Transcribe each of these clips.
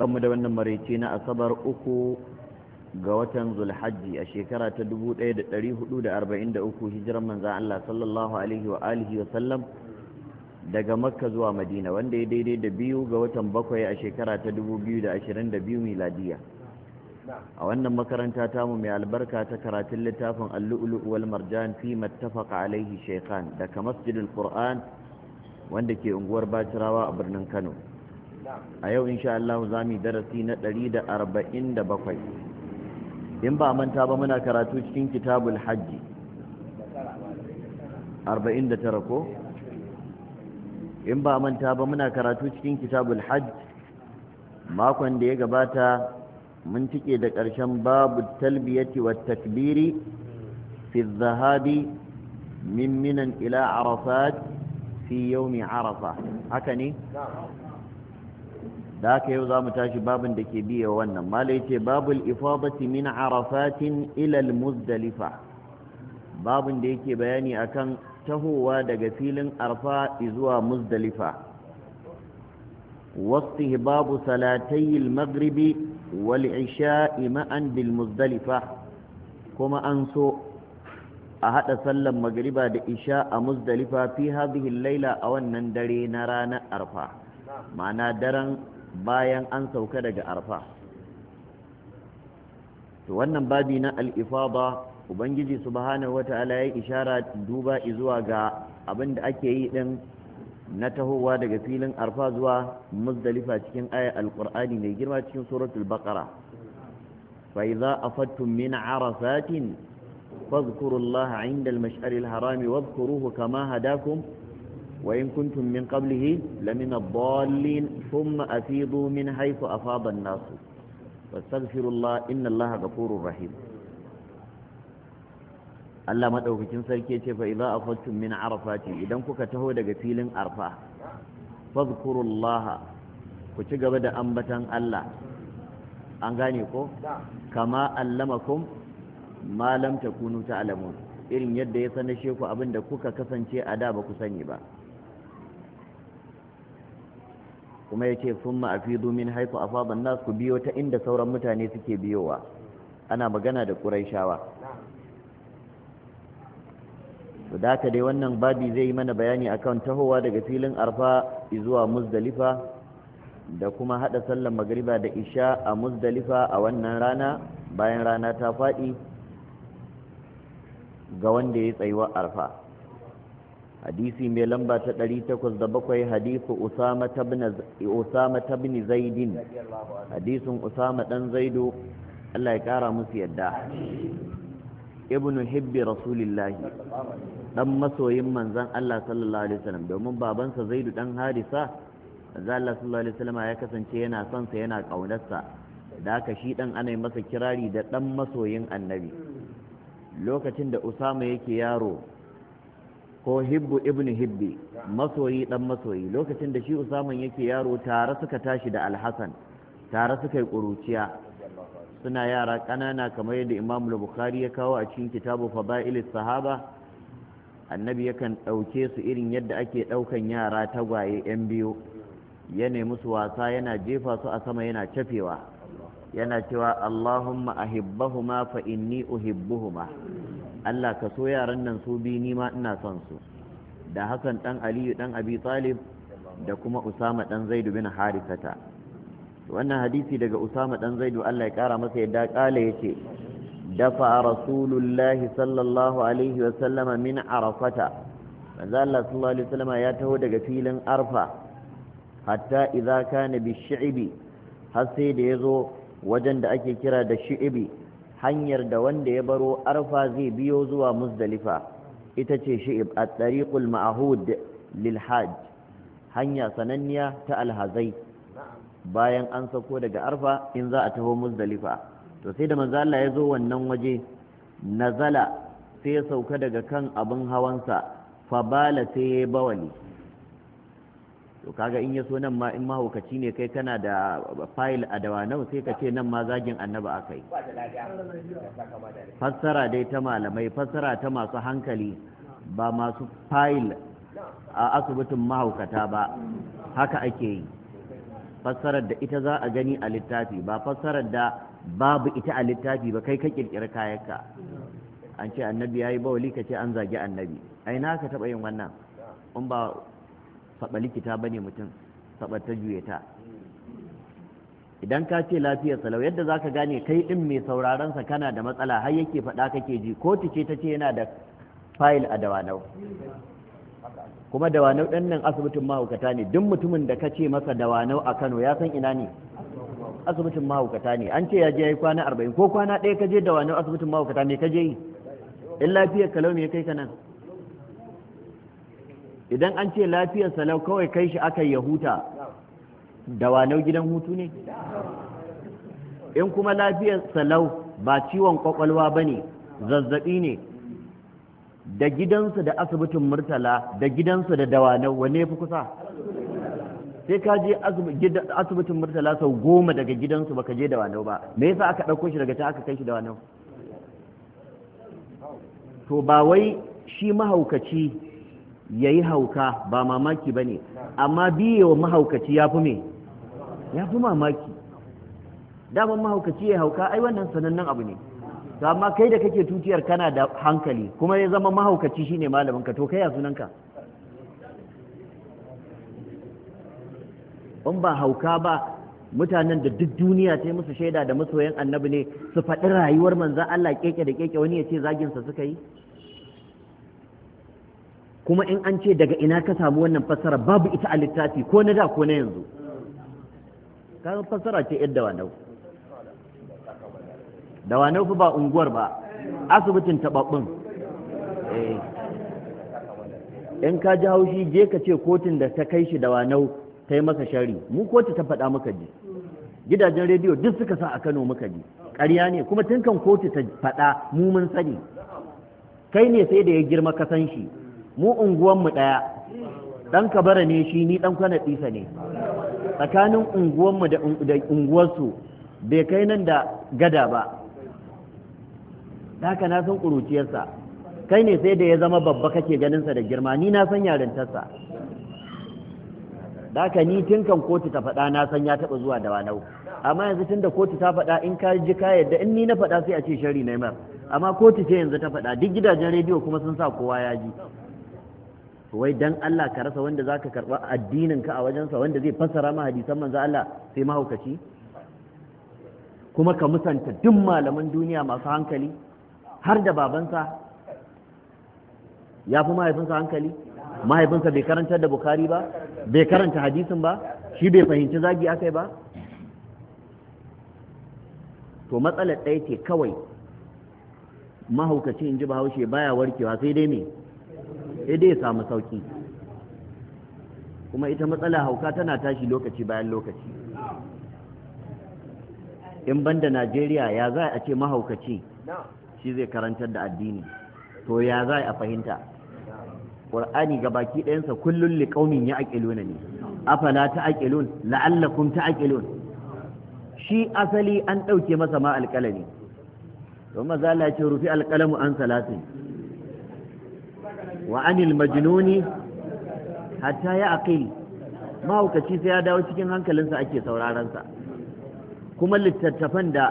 mu da wannan maraice na asabar uku ga watan zulhajji a shekara ta 1443 hijiran manzan Allah sallallahu alaihi wa alihi wa sallam daga makka zuwa madina wanda ya daidai da biyu ga watan bakwai a shekara ta 2022 miladiya a wannan makaranta mu mai albarka ta karatun littafin allu'ulu wal marjan fi mattafaqa alaihi shaykhan daga masjidul qur'an wanda ke unguwar bacirawa a birnin kano a yau insha Allah za mu darasi na 147 in ba manta ba muna karatu cikin kitabul hajji 49 ko in ba manta ba muna karatu cikin kitabul hajji! makon da ya gabata mun cike da ƙarshen babu talbiyati wa takbiri fi zahabi min minan ila arafat fi yawmi arafa haka ne da haka yau za mu tashi babin da ke biya wannan malai ce babul ifadati min arafatin ilal muzdalifa babin da yake bayani akan tahowa daga filin arfa zuwa muzdalifa wasu babu salatayil magribi wal isha ma'an bil muzdalifa kuma an so a haɗa sallan magriba da isha a muzdalifa fi hadhihi laila a wannan dare na ranar arfa ma'ana daren bayan an sauka daga arfa to wannan babi na al'ifada ubangiji subhanahu wata'ala ya ishara duba zuwa ga abin da ake yi din na tahowa daga filin arfa zuwa muzdalifa cikin aya alkur'ani mai girma cikin suratul baqara fa idza afattum min arafatin fadhkurullaha 'inda al-mash'aril harami wadhkuruhu kama hadakum وإن كنتم من قبله لمن الضالين ثم أفيضوا من حيث أفاض الناس واستغفروا الله إن الله غفور رحيم Allah madaukakin sarki yace fa idza afattum min arafati idan kuka taho daga filin arfa fadhkurullaha ku ci gaba da ambatan Allah an gane ko kama allamakum ma irin yadda ya sanashe ku abinda kuka kasance a da ba ku sani ba kuma ya ce sun ma'afidu min haifu a faɗin nas ku biyo ta inda sauran mutane suke biyowa ana magana da ƙuraishawa su daka dai wannan babi zai yi mana bayani akan tahowa daga filin arfa zuwa musdalifa da kuma haɗa sallan magariba da isha a musdalifa a wannan rana bayan rana ta faɗi ga wanda ya tsayuwar arfa hadisi mai lamba ta 807 hadisu usama ta bin zaidin hadisun usama dan zaido Allah ya kara musu yadda ibn hibbi rasulillahi dan masoyin manzan Allah sallallahu alaihi wasallam domin babansa zaidu dan harisa manzan Allah sallallahu alaihi wasallam ya kasance yana son sa yana kaunarsa da haka shi dan ana masa kirari da dan masoyin annabi lokacin da Usama yake yaro ko hibbu ibn hibbi masoyi dan masoyi lokacin da shi usaman yake yaro tare suka tashi da alhasan tare suka yi ƙuruciya suna yara ƙanana kamar yadda imamu bukhari ya kawo a cikin kitabu fada'ilis sahaba annabi yakan ɗauke su irin yadda ake ɗaukan yara tagwaye 'yan biyu ya nemi su wasa yana jefa su a sama yana cafewa yana cewa allahumma ahibbahuma fa inni uhibbuhuma Allah ka so yaran nan su bi ni ma ina son su da Hassan dan Aliyu dan Abi Talib da kuma Usama dan Zaid bin Harithata wannan hadisi daga Usama dan Zaid Allah ya kara masa yadda kala yace dafa rasulullahi sallallahu alaihi wa sallama min arafata manzo Allah sallallahu alaihi ya taho daga filin arfa hatta idza kana bi shi'bi har sai da yazo wajen da ake kira da shi'bi hanyar da wanda ya baro arfa zai biyo zuwa muzdalifa ita ce shi'ib a tariqul ma'ahud lil hanya sananniya ta alhazai bayan an sako daga arfa in za a taho muzdalifa to sai da mazala Allah ya zo wannan waje nazala sai ya sauka daga kan abin hawansa fabala sai ya bawali to kaga in ya so nan ma in mahaukaci ne kai kana da fayil a dawanau sai ka ce nan ma zagin annaba aka yi fassara dai ta malamai fassara ta masu hankali ba masu fayil a asibitin mahaukata ba haka ake yi fassarar da ita za a gani a littafi ba fassarar da babu ita a littafi ba kai ka kirkiri kayanka an ce annabi ya yi bawali ka ce an zagi annabi ai na ka taɓa yin wannan in saba likita bane mutum saba ta juyeta idan ka ce lafiyar salau yadda zaka gane kai din mai sauraron sa kana da matsala har yake faɗa kake ji ko tice ta ce yana da fayil a dawanau kuma dawanau ɗan nan asibitin mahaukata ne duk mutumin da ka ce masa dawanau a Kano ya san ina ne asibitin mahaukata ne an ce ya je yayi kwana arba'in ko kwana ɗaya ka je dawanau asibitin mahaukata me ka je yi in lafiyar kalau me kai ka nan idan an ce lafiyar salau kawai kai shi aka ya huta da walau gidan hutu ne in kuma lafiyar salau ba ciwon kwakwalwa ba ne zazzaɓi ne da gidansu da asibitin murtala da gidansu da dawanau wane fi kusa sai ka je asibitin murtala sau goma daga gidansu baka je dawanau ba me yasa aka ɗauko shi daga ta aka kai shi dawanau to ba wai shi mahaukaci ya yi hauka ba mamaki ba ne amma biye wa mahaukaci ya fi me ya fi mamaki daman mahaukaci ya hauka ai wannan sanannen abu ne to amma kai da kake tutiyar kana da hankali kuma ya zama mahaukaci shine malamin ka to kai ya sunanka in ba hauka ba mutanen da duk duniya ta yi musu shaida da masoyan annabi ne su faɗi rayuwar manzan Allah keke da keke wani ya ce zaginsa suka yi kuma in an ce daga ina ka samu wannan fassara babu ita a littafi ko na da ko na yanzu kan fassara ce yadda wanau da wanau fa ba unguwar ba asibitin tababbin eh. in ka ji haushi je ka ce kotun da ta kai shi da wanau ta yi masa shari mu kotu ta faɗa muka ji gidajen rediyo duk suka sa a kano muka ji ƙarya ne kuma tun kan kotu ta faɗa mu mun sani kai ne sai da ya girma ka san shi mu unguwanmu ɗaya ɗan kabara ne shi ni ɗan kwana ɗisa ne tsakanin unguwanmu da unguwarsu bai kai nan da gada ba haka na san ƙuruciyarsa kai ne sai da ya zama babba kake ganinsa da girma ni na san yarintarsa da haka ni tun kan kotu ta faɗa na san ya taɓa zuwa da wanau amma yanzu tun da kotu ta faɗa in ka ji ka yadda in ni na faɗa sai a ce shari na amma kotu ce yanzu ta faɗa duk gidajen rediyo kuma sun sa kowa ya ji wai dan Allah ka rasa wanda zaka karba addinin ka a wajensa wanda zai fassara ma hadisan manzo Allah sai mahaukaci kuma ka musanta duk malaman duniya masu hankali har da babansa ya fi mahaifinsa hankali mahaifinsa bai karanta da bukari ba bai karanta hadisin ba shi bai fahimci zagi akai ba to matsalar ɗaya ce kawai mahaukaci in ji bahaushe baya warkewa sai dai me sai dai ya samu sauki kuma ita matsala hauka tana tashi lokaci bayan lokaci in banda najeriya ya za a ce mahaukaci shi zai karantar da addini to ya za a fahimta ƙwar'ani ga baki ɗayansa kullum liƙaunin ya aƙiluna ne afala ta aƙilun la'allakun ta aƙilun shi asali an ɗauke masa ma alƙalami don maza ce rufi alƙalamu an salatin wa anil majnuni hatta ya aqil mahaukaci sai ya dawo cikin hankalinsa ake sa kuma littattafan da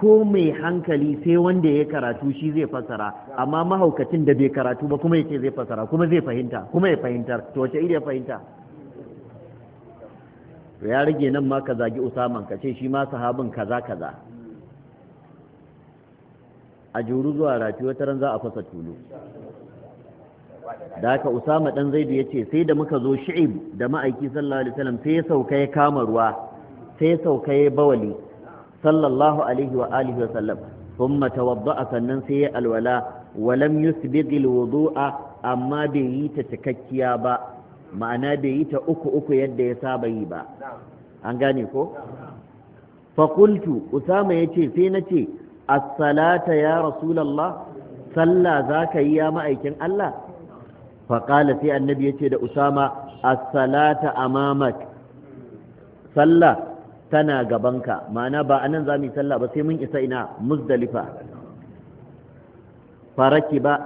ko mai hankali sai wanda ya karatu shi zai fasara amma mahaukatin da bai karatu ba kuma yake zai fasara kuma zai fahimta kuma ya fahimta to wace iri ya fahimta to ya rage nan ma ka zagi usaman ka ce shi ma sahabin kaza kaza a juru zuwa rafi wata ran za a fasa tulu da haka usama dan zaidu ya ce, sai da muka zo shi'ib da ma'aiki sallallahu alaihi wasallam sai ya sauka ya kama ruwa sai ya sauka ya bawali sallallahu alaihi wa alihi wa sallam thumma tawadda'a sannan sai ya alwala wa lam yusbighil wudu'a amma bai yi ta cikakkiya ba ma'ana bai yi ta uku uku yadda ya saba yi ba an gane ko fakultu usama yace sai na ce as-salata ya rasulullah sallah zaka yi ya ma'aikin Allah faƙala sai annabi ya ce da usama as-salata amamak sallah tana gabanka ma'ana ba anan za mu yi sallah ba sai mun isa ina muzdalifa faraki ba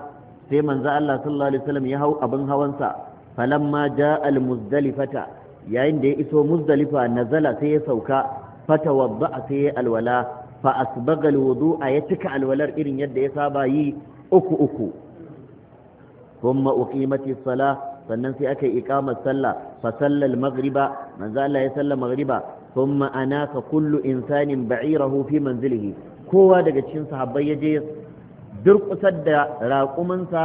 sai manzo Allah sallallahu alaihi wasallam ya hau abin hawansa falamma jaa al-muzdalifata yayin da ya iso muzdalifa nazala sai ya sauka a sai ya alwala fa asbaga a wudua ya cika alwalar irin yadda ya saba yi uku uku thumma uqimati salah sannan sai aka yi iqamar sallah fa sallal maghriba manzo Allah ya salla maghriba thumma anaka kullu insanin ba'irahu fi manzilihi kowa daga cikin sahabbai ya je kusa da raƙuminsa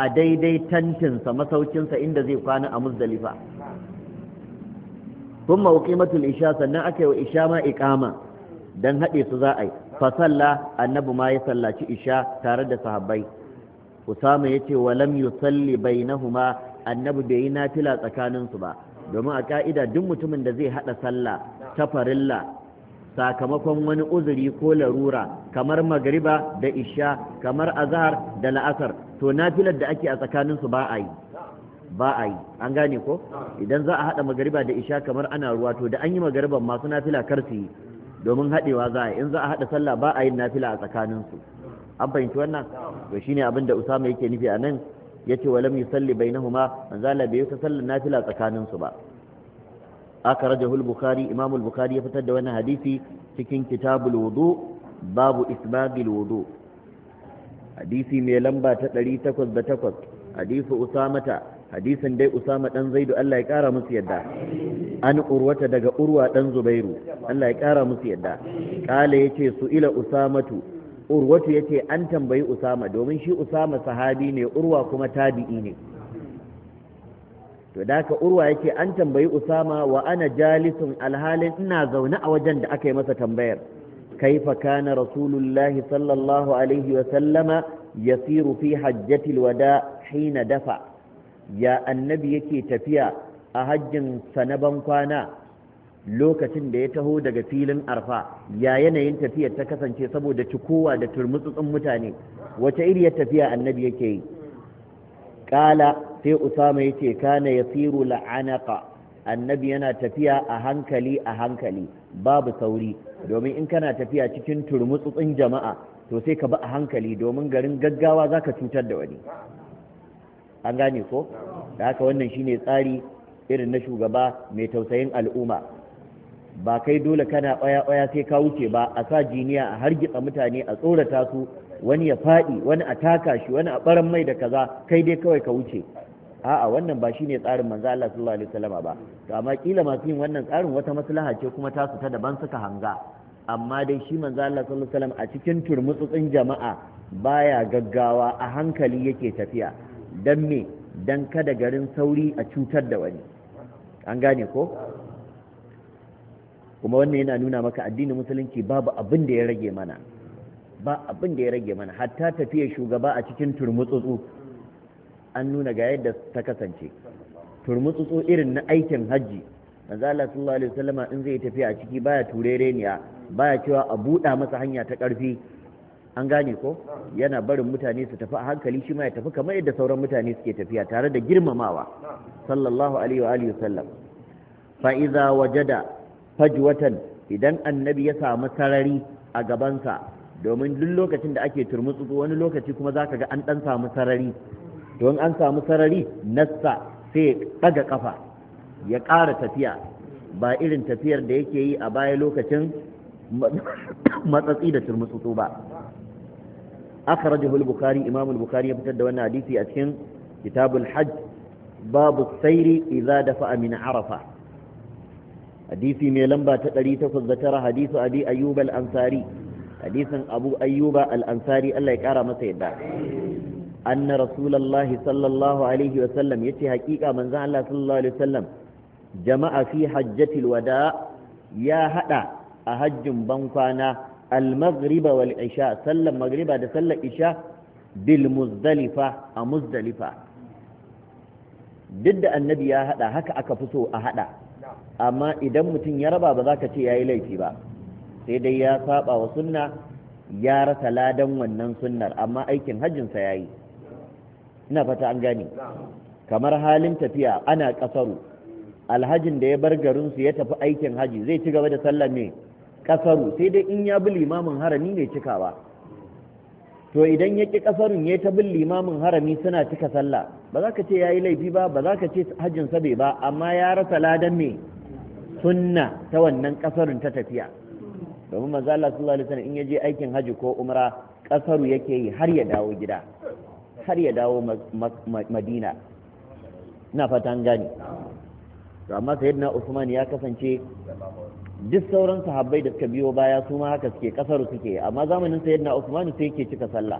a daidai tantinsa masaukinsa inda zai kwana a muzdalifa kun mawuƙimatul isha sannan aka yi wa isha ma don haɗe su za a yi fasalla annabi ma ya sallaci isha tare da sahabbai usama ce walam yusalli bainahuma annabi bai yi nafila tsakaninsu ba domin a ka'ida duk mutumin da zai haɗa sallah ta farilla sakamakon wani uzuri ko larura kamar magriba da isha kamar azhar da la'asar to nafilar da ake a tsakanin su ba a yi ba a yi an gane ko idan za a hada magriba da isha kamar ana ruwa to da an yi magriban masu nafila kar su yi domin hadewa za a yi in za a hada sallah ba a yin nafila a tsakanin su an fahimci wannan to shine abin da Usama yake nufi a nan yace walam yusalli bainahuma manzo Allah bai ta sallar nafila tsakanin su ba aka rajahul bukhari imam al-bukhari ya fitar da wannan hadisi cikin kitabul wudu babu isbabil wudu hadisi mai lamba ta 808 hadisi usamata hadisin dai usama dan zaidu Allah ya kara musu yadda an urwata daga urwa dan zubairu Allah ya kara musu yadda kale yace su ila usamatu urwatu ya ce an tambayi usama domin shi usama sahabi ne urwa kuma tabi'i ne to da ka urwa yake an tambayi usama wa ana jalisun alhalin ina zaune a wajen da aka yi masa tambayar kaifa kana rasulullahi sallallahu alaihi wa sallama yasiru fi hajjatil wada hina dafa ya annabi yake tafiya a hajjin sa na ban kwana lokacin da ya taho daga filin arfa ya yanayin tafiyar ta kasance saboda cikowa da turmutsutsun mutane wace iriyar tafiya annabi yake yi kala sai usama ya ce kana ya siru la'anaka annabi yana tafiya a hankali a hankali babu sauri domin in kana tafiya cikin turmutsutsun jama'a to sai ka bi a hankali domin garin gaggawa za ka cutar da wani an gane ko da haka wannan shine tsari irin na shugaba mai tausayin al'umma ba kai dole kana ɓaya-ɓaya sai ka wuce ba a sa jiniya a hargitsa mutane a tsorata su wani ya faɗi wani a taka shi wani a ɓaran mai da kaza kai dai kawai ka wuce a'a wannan ba shine tsarin manzo Allah sallallahu alaihi wasallama ba to amma kila masu yin wannan tsarin wata maslaha ce kuma ta su ta daban suka hanga amma dai shi manzo Allah sallallahu alaihi wasallam a cikin turmutsutsin jama'a baya gaggawa a hankali yake tafiya dan me dan kada garin sauri a cutar da wani an gane ko kuma wannan yana nuna maka addinin musulunci babu abin da ya rage mana ba abin da ya rage mana hatta tafiya shugaba a cikin turmutsutsu an nuna ga yadda ta kasance turmutsutsu irin na aikin hajji manzo Allah sallallahu alaihi wasallama in zai tafiya a ciki baya turereniya baya cewa a buɗa masa hanya ta ƙarfi an gane ko yana barin mutane su tafi a hankali shi ma ya tafi kamar yadda sauran mutane suke tafiya tare da girmamawa sallallahu alaihi wa alihi wasallam fa idza wajada fajwatan idan annabi ya samu sarari a gabansa domin duk lokacin da ake turmutsu wani lokaci kuma za ka ga an ɗan samu sarari don an samu sarari nassa sai ya ɗaga ƙafa ya ƙara tafiya ba irin tafiyar da yake yi a baya lokacin matsatsi da turmutsu ba akhrajahu al-bukhari imam al ya fitar da wannan hadisi a cikin kitabul hajj babu sairi idza dafa min arafa hadisi mai lamba ta 809 hadisu abi ayyub al-ansari hadisin abu ayyuba al-ansari Allah ya kara masa yadda anna rasulullahi sallallahu alaihi wa sallam yace hakika manzon Allah sallallahu alaihi wa sallam jama'a fi hajjatil wada ya hada a hajjin bankwana al-maghriba wal isha sallan maghriba da sallan isha bil muzdalifa a muzdalifa duk da annabi ya hada haka aka fito a hada amma idan mutum ya raba ba za ka ce ya yi laifi ba sai dai ya saba wa sunna ya rasa ladan wannan sunnar amma aikin hajjinsa ya yi ina fata an gane kamar halin tafiya ana kasaru alhajin da ya bar garinsu ya tafi aikin haji zai ci gaba da sallah ne kasaru sai dai in ya bi limamin harami ne cikawa to idan ya ƙi kasarun ya ta bin limamin harami suna cika sallah ba za ka ce ya yi laifi ba ba za ka ce hajjinsa bai ba amma ya rasa ladan mai sunna ta wannan kasarun ta tafiya domin manzo Allah sallallahu alaihi wasallam in yaje aikin haji ko umra kasaru yake yi har ya dawo gida har ya dawo Madina ina fatan gani to amma sayyidina Usman ya kasance duk sauran sahabbai da suka biyo baya su ma haka suke kasaru suke amma zamanin sayyidina Usman sai yake cika sallah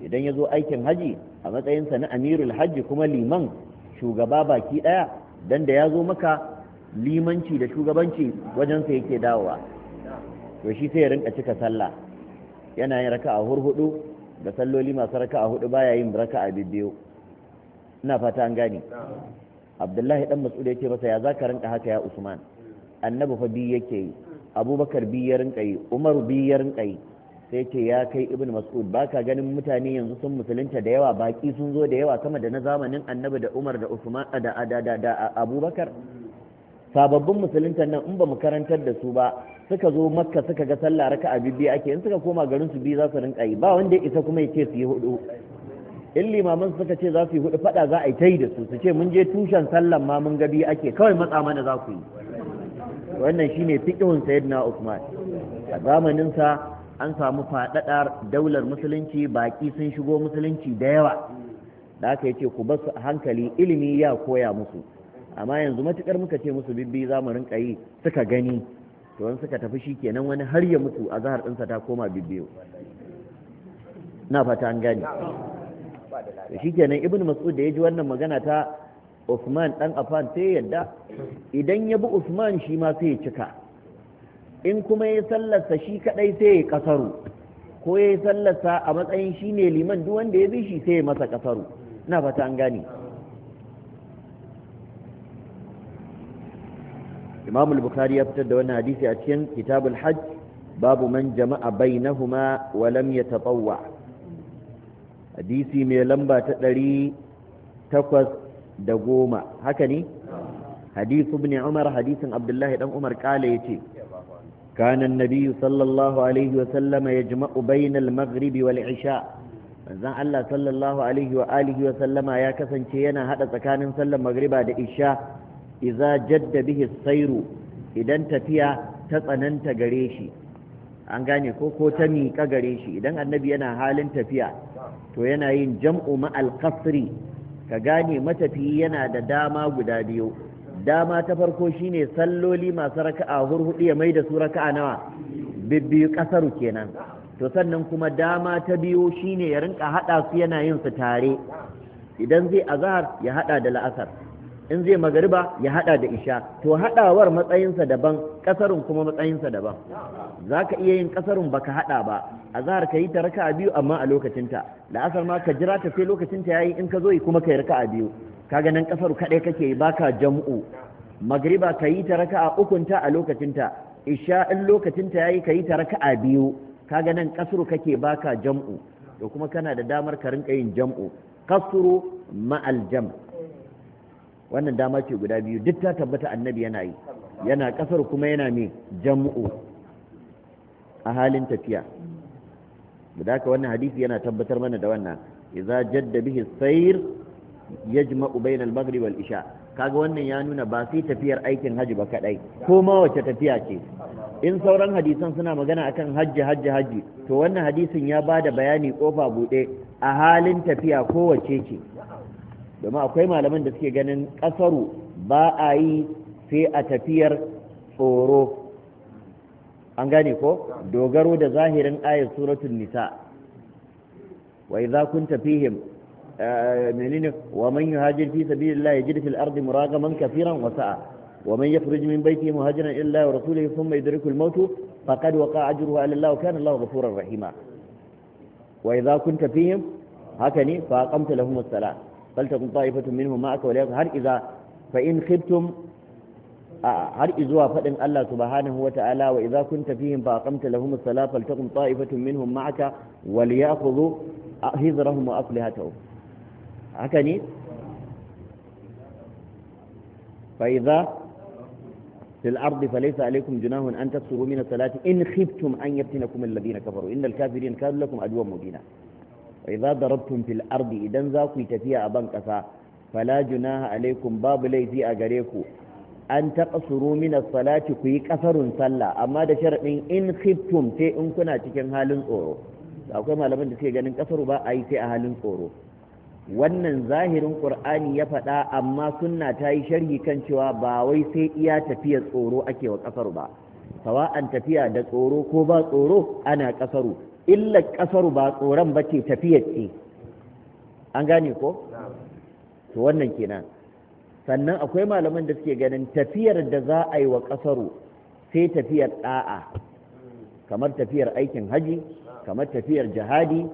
idan ya zo aikin haji a matsayinsa na amirul hajji kuma liman shugaba baki ɗaya dan da ya zo maka limanci da shugabanci wajensa yake dawowa to shi sai ya rinka cika sallah yana yin raka'a hurhudu da salloli masu raka'a hudu baya yin raka'a biyu ina fata an gane abdullahi dan mas'ud yake masa ya zaka rinka haka ya usman annabi fa biyu yake yi abubakar biyu ya rinka yi umar biyu ya rinka yi sai yake ya kai ibn mas'ud baka ganin mutane yanzu sun musulunta da yawa baki sun zo da yawa sama da na zamanin annabi da umar da usman da da da abubakar sababbin musulunta nan in ba mu karantar da su ba suka zo makka suka ga sallah raka a bibbi ake in suka koma garin su biyu za su rinka yi ba wanda ya isa kuma ya ce su yi hudu in limaman suka ce za su yi hudu fada za a yi ta yi da su su ce mun je tushen sallan ma mun ga biyu ake kawai matsa mana za ku yi wannan shine fiqhun sayyidina Usman a zamanin sa an samu faɗaɗar daular musulunci baƙi sun shigo musulunci da yawa da aka yace ku basu hankali ilimi ya koya musu amma yanzu matukar muka ce musu bibbi za mu rinka yi suka gani to in suka tafi shi kenan wani har ya mutu a zahar ɗinsa ta koma bibbiyo na fata an gani to shi kenan ibn mas'ud da ya ji wannan magana ta Usman dan afan sai yadda idan ya bi Usman shi ma sai ya cika in kuma ya sallarsa shi kadai sai ya kasaru ko ya sallarsa a matsayin shi ne liman duk wanda ya bi shi sai ya masa kasaru na fata an gani. imam al-bukhari ya fitar da wannan hadisi a cikin kitabul hajj babu man jama'a bainahuma wa lam yatatawwa hadisi mai lamba ta ɗari takwas da goma haka ne hadisu ibn umar hadisin abdullahi dan umar kala yace sallallahu النبي wa الله عليه وسلم يجمع بين المغرب isha manzon Allah sallallahu alaihi wa alihi wa sallama ya kasance yana hada tsakanin sallar magriba da isha iza jadda bihi sairu idan tafiya ta tsananta gare shi an gane ko ko ta miƙa gare shi idan annabi yana halin tafiya to yana yin jam'u ma'al kasri ka gane matafiyi yana da dama guda biyu dama ta farko shine salloli masu raka'a hurhudu ya mai da su raka'a nawa bibbiyu kasaru kenan to sannan kuma dama ta biyu shine ya rinka haɗa su yana yin su tare idan zai azhar ya haɗa da la'asar in zai magariba ya hada da isha to hadawar matsayinsa daban kasarun kuma matsayinsa daban za ka iya yin kasarun baka hada ba a zahar ka yi ta raka biyu amma a lokacinta la'asar ma ka jira ta sai lokacinta yayi in ka zo kuma ka yi raka'a biyu kaga nan kasaru kadai kake yi baka jam'u magariba ka yi ta a ukunta a lokacinta isha in lokacinta yayi ka yi ta raka'a biyu kaga nan kasar kake baka jam'u to kuma kana da damar ka rinka yin jam'u kasru ma'al jam' wannan dama ce guda biyu duk ta tabbata annabi yana yi yana kasar kuma yana mai jam'u a halin tafiya Guda ka wannan hadisi yana tabbatar mana da wannan idza jadda bihi sayr yajma'u bayna maghrib wal isha kaga wannan ya nuna ba sai tafiyar aikin haji ba kadai ko ma wace tafiya ce in sauran hadisan suna magana akan hajji hajji hajji to wannan hadisin ya bada bayani kofa bude a halin tafiya ko wace ce domin akwai malaman da suke ganin kasaru ba a yi sai a tafiyar tsoro an gane ko dogaro da zahirin ayat suratul nisa wa idza kunta fihim eh, menene wa man yuhajir fi sabilillah yajid fil ardi muragaman kafiran wa sa'a wa man yakhruj min baytihi muhajiran illa wa rasulihi thumma yudriku al maut faqad waqa ajruhu ala allah wa kana allah ghafurur rahima wa idza kunta fihim haka ne fa aqamta lahum as-salat فلتكن طائفة منهم معك وليكن هل إذا فإن خبتم هل إذا فإن الله سبحانه وتعالى وإذا كنت فيهم فأقمت لهم الصلاة فلتكن طائفة منهم معك وليأخذوا حذرهم وأصلهتهم عكني فإذا في الأرض فليس عليكم جناه أن تفسروا من الصلاة إن خبتم أن يفتنكم الذين كفروا إن الكافرين كانوا لكم أدوى مبينة wa idza darabtum fil ardi idan za ku yi tafiya a ban kasa fala junaha alaikum babu laifi a gare ku an taqsuru min as-salati ku yi kasarun sallah amma da sharadin in khiftum sai in kuna cikin halin tsoro akwai malamin da suke ganin kasaru ba a yi sai a halin tsoro wannan zahirin qur'ani ya faɗa amma sunna ta yi sharhi kan cewa ba wai sai iya tafiya tsoro ake wa kasaru ba sawa'an tafiya da tsoro ko ba tsoro ana kasaru illa kasaru ba tsoron ba ce tafiyar ce an gane ko to wannan kenan sannan akwai malaman da suke ganin tafiyar da za a yi wa kasaru sai tafiyar da'a kamar tafiyar aikin haji kamar tafiyar jihadi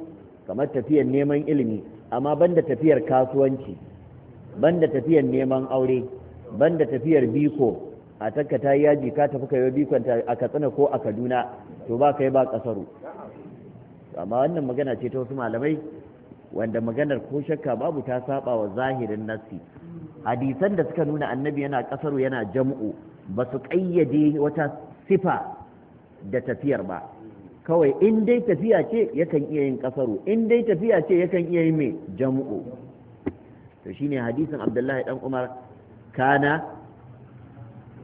kamar tafiyar neman ilimi amma banda tafiyar kasuwanci banda tafiyar neman aure banda tafiyar biko a takka ta yaji ka tafi kai bikon a katsina ko a kaduna to ba kai ba kasaru amma wannan magana ce ta wasu malamai wanda maganar ko shakka babu ta saba wa zahirin nasi. hadisan da suka nuna annabi yana kasaru yana jam'u ba su kayyade wata sifa da tafiyar ba kawai in dai tafiya ce yakan iya yin kasaru in dai tafiya ce yakan iya yin mai jam'u to shine hadisin abdullahi dan umar kana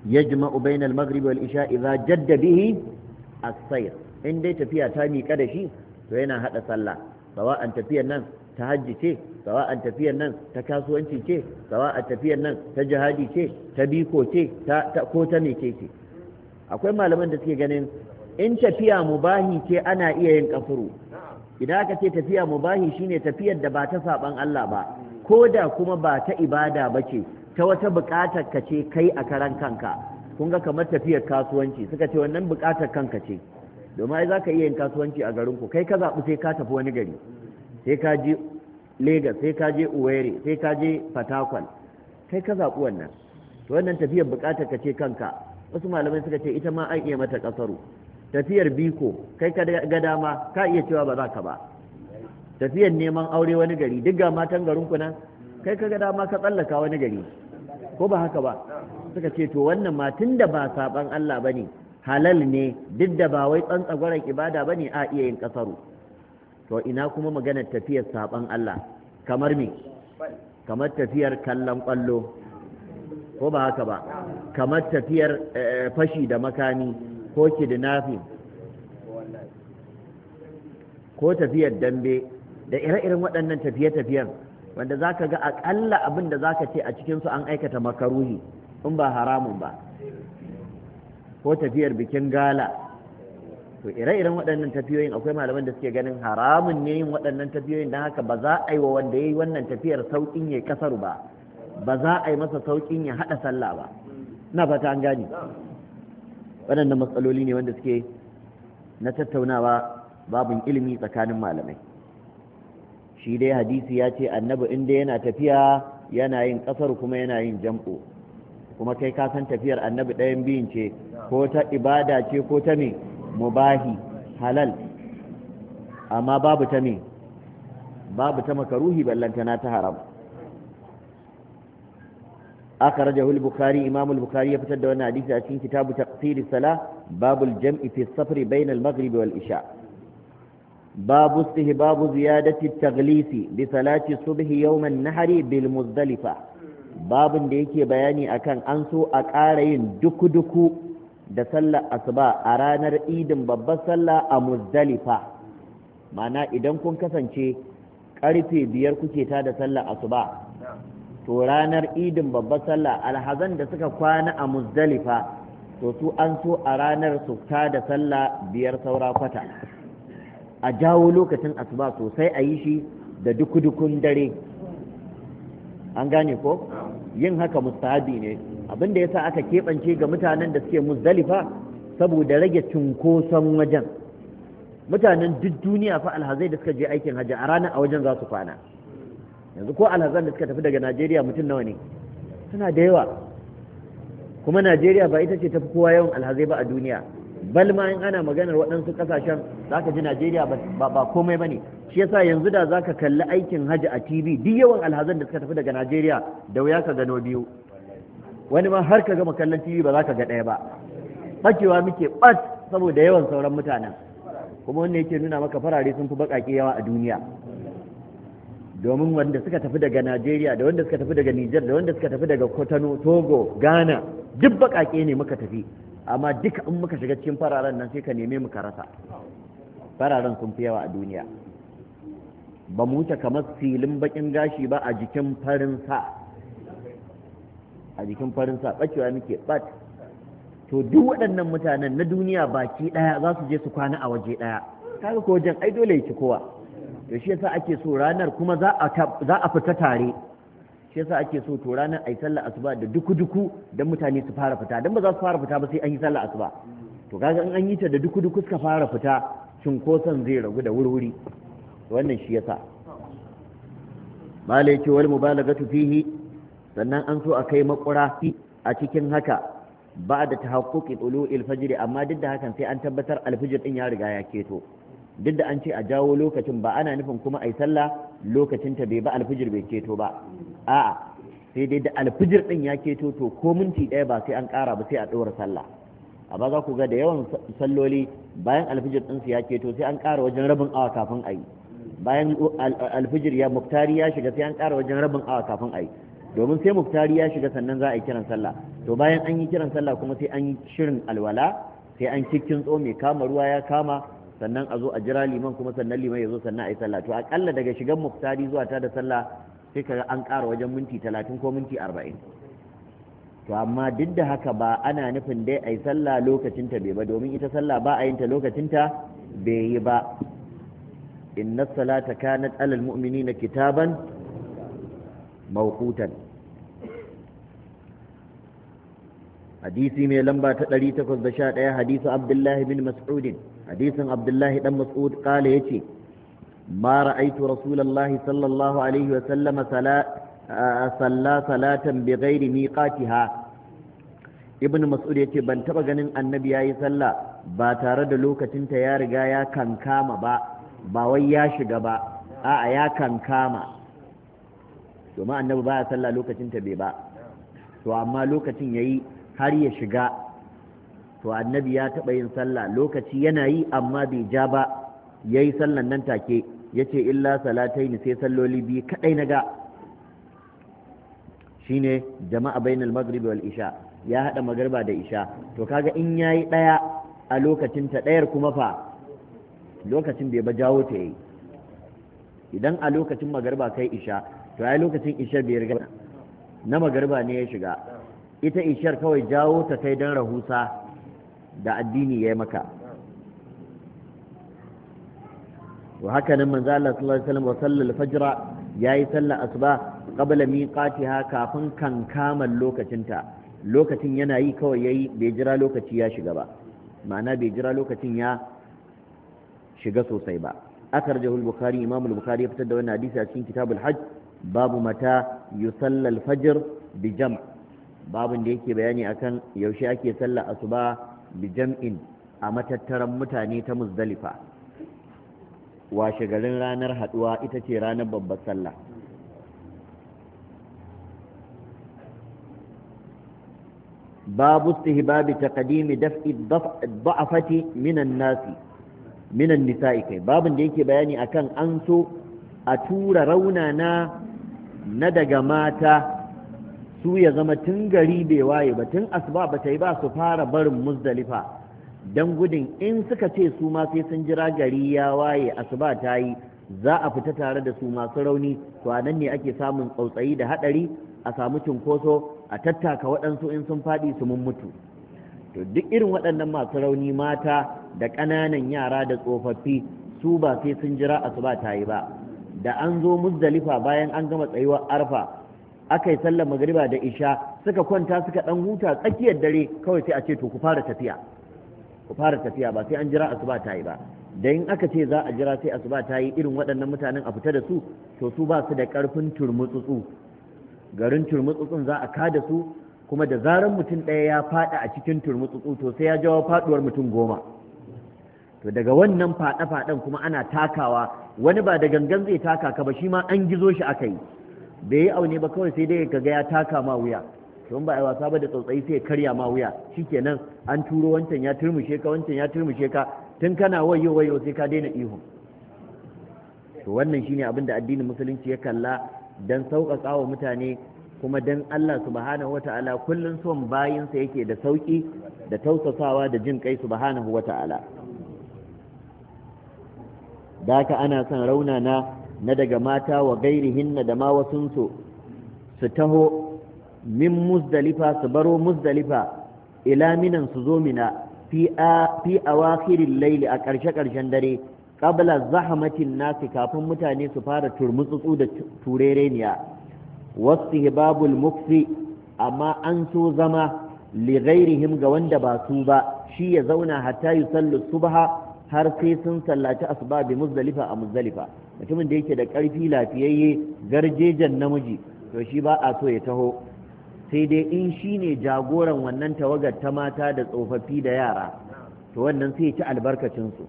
yajma'u bainal maghrib wal isha idza jadda bihi as-sayr in dai tafiya ta miƙa da shi to yana haɗa sallah an tafiyar nan ta hajji ce an tafiyar nan ta kasuwanci ce a tafiyar nan ta jihadi ce ta biko ce ta ko ta mece ce akwai malaman da suke ganin in tafiya mubahi ce ana iya yin kafuru idan aka ce tafiya mubahi shine tafiyar da ba ta saban Allah ba ko da kuma ba ta ibada ba ce ta wata buƙatar ka ce kai a karan kanka kun ga kamar tafiyar kasuwanci suka ce wannan buƙatar kanka ce domin ai za ka iya yin kasuwanci a garin ku? kai ka zaɓi sai ka tafi wani gari sai ka je lagos sai ka je uwere sai ka je fatakwal kai ka zaɓi wannan to wannan tafiyar buƙatar ka ce kanka wasu malamai suka ce ita ma an iya mata ƙasaru tafiyar biko kai ka ga dama ka iya cewa ba za ka ba tafiyar neman aure wani gari duk ga matan ku nan kai ka ga dama ka tsallaka wani gari ko ba haka ba suka ce to wannan ma tun da ba saɓan allah ba ne halal ne duk da ba wai tsantsagwaron ibada ba ne a iya yin kasaru to ina kuma maganar tafiyar saban Allah kamar me kamar tafiyar kallon kwallo ko ba haka ba kamar tafiyar eh, fashi da makami ko kidnapping ko tafiyar dambe da ire-iren waɗannan tafiye-tafiyen wanda za ka ga aƙalla abin da za ka ce a cikinsu an aikata makaruhi in ba haramun ba ko tafiyar bikin gala to ire-iren waɗannan tafiyoyin akwai malaman da suke ganin haramun ne yin waɗannan tafiyoyin don haka ba za a yi wa wanda ya yi wannan tafiyar sauƙin ya kasar ba ba za a yi masa sauƙin ya haɗa sallah ba na fata an gane waɗannan matsaloli ne wanda suke na tattaunawa babin ilimi tsakanin malamai shi dai hadisi ya ce annabi inda yana tafiya yana yin ƙasar kuma yana yin jam'u kuma kai ka san tafiyar annabi ɗayan biyun ce ko ta ibada ce ko ta ne mubahi halal amma babu ta ne babu ta makaruhi ballantana ta haram aka raja al-bukhari imam bukhari ya fitar da wannan hadisi a cikin kitabu tafsir Sala, babul jam'i fi safri bain al-maghrib wal isha babu babu ziyadati Taglisi, bi salati subh yawm an-nahri bil muzdalifa babun da yake bayani akan an so a ƙara yin duku-duku da sallar asuba a ranar idin babbar sallah a muzdalifa mana idan kun kasance karfe biyar kuke ta da sallar asuba to ranar idin babbar sallah alhazan da suka kwana a muzdalifa to su an so a ranar su ta da sallah biyar saura kwata a jawo lokacin asuba sosai a yi shi da dukudukun dare an gane ko yin haka mustahabi ne abin da sa aka keɓance ga mutanen da suke muzdalifa saboda rage cunkoson wajen mutanen duk duniya fa alhazai da suka je aikin hajji a ranar a wajen za su kwana yanzu ko alhazan da suka tafi daga najeriya mutum nawa ne suna da yawa kuma najeriya ba ita ce tafi kowa yawan alhazai ba a duniya bal ma in ana maganar waɗansu ƙasashen za ka ji najeriya ba komai ba ne shi yasa yanzu da za ka kalli aikin hajji a tv duk yawan alhazan da suka tafi daga najeriya da wuya ka gano biyu wani ma har ka gama kallon tv ba za ka ga ɗaya ba hakewa muke ɓat saboda yawan sauran mutanen kuma wannan yake nuna maka farare sun fi baƙaƙe yawa a duniya domin wanda suka tafi daga najeriya da wanda suka tafi daga nijar da wanda suka tafi daga kotano togo ghana duk baƙaƙe ne muka tafi amma duka in muka shiga cikin fararen nan sai ka neme mu ka rasa fararen sun fi yawa a duniya ba mu wuce kamar filin baƙin gashi ba a jikin farin sa a jikin farin sa bacewa muke bat to duk waɗannan mutanen na duniya baki ɗaya za su je su kwana a waje ɗaya kaga ko wajen ai dole yake kowa to shi yasa ake so ranar kuma za a fita tare shi yasa ake so to ranar ai sallar asuba da duku duku dan mutane su fara fita dan ba za su fara fita ba sai an yi sallar asuba to kaga in an yi ta da duku duku suka fara fita cunkoson zai ragu da wurwuri wannan shi yasa malai ce wal mubalagatu fihi sannan an so a kai makura a cikin haka ba da tahaqquqi tulu'il fajr amma duk da hakan sai an tabbatar alfijir din ya riga ya keto duk da an ce a jawo lokacin ba ana nufin kuma ai sallah lokacin ta bai ba alfijir bai keto ba a sai dai da alfijir ɗin ya keto to ko minti ɗaya ba sai an ƙara ba sai a ɗora sallah ba za ku ga da yawan salloli bayan alfijir su ya keto sai an ƙara wajen rabin awa kafin a bayan alfijir ya muktari ya shiga sai an kara wajen rabin awa kafin a yi domin sai muftari ya shiga sannan za a yi kiran sallah to bayan an yi kiran sallah kuma sai an yi shirin alwala sai an tso mai kama ruwa ya kama sannan a zo a jira liman kuma sannan liman ya zo sannan a yi sallah to akalla daga shigan muftari zuwa ta da sallah sai an ƙara wajen minti talatin ko minti arba'in to amma duk da haka ba ana nufin dai a yi sallah lokacin ta bai ba domin ita sallah ba a yin ta lokacin ta bai yi ba inna salata kanat alal mu'minina kitaban mawqutan hadisi mai lamba ta ɗari da sha ɗaya hadisu abdullahi bin mas'udin hadisin abdullahi dan mas'ud kala yace ma ra'aitu rasulullahi sallallahu alaihi wa sallama salla salatan bi ghairi miqatiha ibn mas'ud ya ce ban taba ganin annabi yayi sallah ba tare da lokacin ya riga ya kankama ba ba wai ya shiga ba a'a ya kankama domin annabi ba ya sallah lokacin bai ba to amma lokacin yayi har ya shiga to annabi ya taɓa yin sallah lokaci yana yi amma bai ja ba ya yi sallan nan take ya ce illa salatai ni sai salloli biyu kaɗai na ga shine jama'a bainal maghrib wal isha ya haɗa magarba da isha to kaga in yayi ɗaya a lokacin ta ɗayar kuma fa lokacin bai ba jawo ta yi idan a lokacin magarba kai isha to ai lokacin isha bai riga na magarba ne ya shiga ita ishar kawai jawo ta kai don rahusa da addini ya yi maka wa haka nan manzo Allah sallallahu alaihi wasallam wa sallal fajra yayi sallar asuba qabla miqatiha kafin kan kamal lokacinta lokacin yana yi kawai yayi bai jira lokaci ya shiga ba ma'ana bai jira lokacin ya shiga sosai ba akarjahu al-bukhari imam al-bukhari ya fitar da wannan hadisi a cikin kitabul hajj babu mata yusalla al-fajr bi jam' babin da yake bayani akan yaushe ake sallar asuba bi jam'in a matattaran mutane ta muzdalifa washe garin ranar haduwa ita ce ranar babbar sallah babu istihbabi taqdimi daf'i dha'afati an nasi an nisa'i kai babin da yake bayani akan an so a tura raunana na daga mata su ya zama tun gari bai waye ba tun asuba ba ta yi ba su fara barin muzdalifa don gudun in suka ce su ma sai sun jira gari ya waye asuba ta yi za a fita tare da su masu rauni to a nan ne ake samun tsautsayi da haɗari a samu cunkoso a tattaka waɗansu in sun faɗi su mun mutu to duk irin waɗannan masu rauni mata da ƙananan yara da tsofaffi su ba sai sun jira asuba ta yi ba da an zo muzdalifa bayan an gama tsayuwar arfa aka yi sallar magariba da isha suka kwanta suka dan huta tsakiyar dare kawai sai a ce to ku fara tafiya ku fara tafiya ba sai an jira asuba ta yi ba da in aka ce za a jira sai asuba ta yi irin waɗannan mutanen a fita da su to su ba su da ƙarfin turmutsutsu garin turmutsutsun za a kada su kuma da zarar mutum ɗaya ya faɗa a cikin turmutsutsu to sai ya jawo faɗuwar mutum goma to daga wannan faɗe-faɗen kuma ana takawa wani ba da gangan zai taka ka ba shi ma an gizo shi aka yi bai yi aune ba kawai sai dai kaga ya taka ma wuya to ba ai wasa ba da tsautsayi sai karya ma wuya shikenan an turo wancan ya turmushe ka wancan ya turmushe ka tun kana wayo wayo sai ka daina ihu to wannan shine abin da addinin musulunci ya kalla dan sauƙaƙa wa mutane kuma dan Allah subhanahu wata'ala kullun son bayinsa yake da sauki da tausasawa da jin kai subhanahu wata'ala da ka ana son rauna na. na daga mata wa gairihinna da ma wasunsu su taho min muzdalifa su baro muzdalifa ila minan su zo mina fi wakilin laili a ƙarshe-ƙarshen dare ƙabla zahamatin nasi kafin mutane su fara turmutsutsu da turereniya wasu hibabul mufi amma an so zama lirairihim ga wanda ba su ba shi ya zauna hatta sallu subha har sai sun sallaci asuba bi muzdalifa a muzdalifa mutumin da yake da ƙarfi lafiyayye garjejen namiji to shi ba a so ya taho sai dai in shi ne jagoran wannan tawagar ta mata da tsofaffi da yara to wannan sai ci albarkacinsu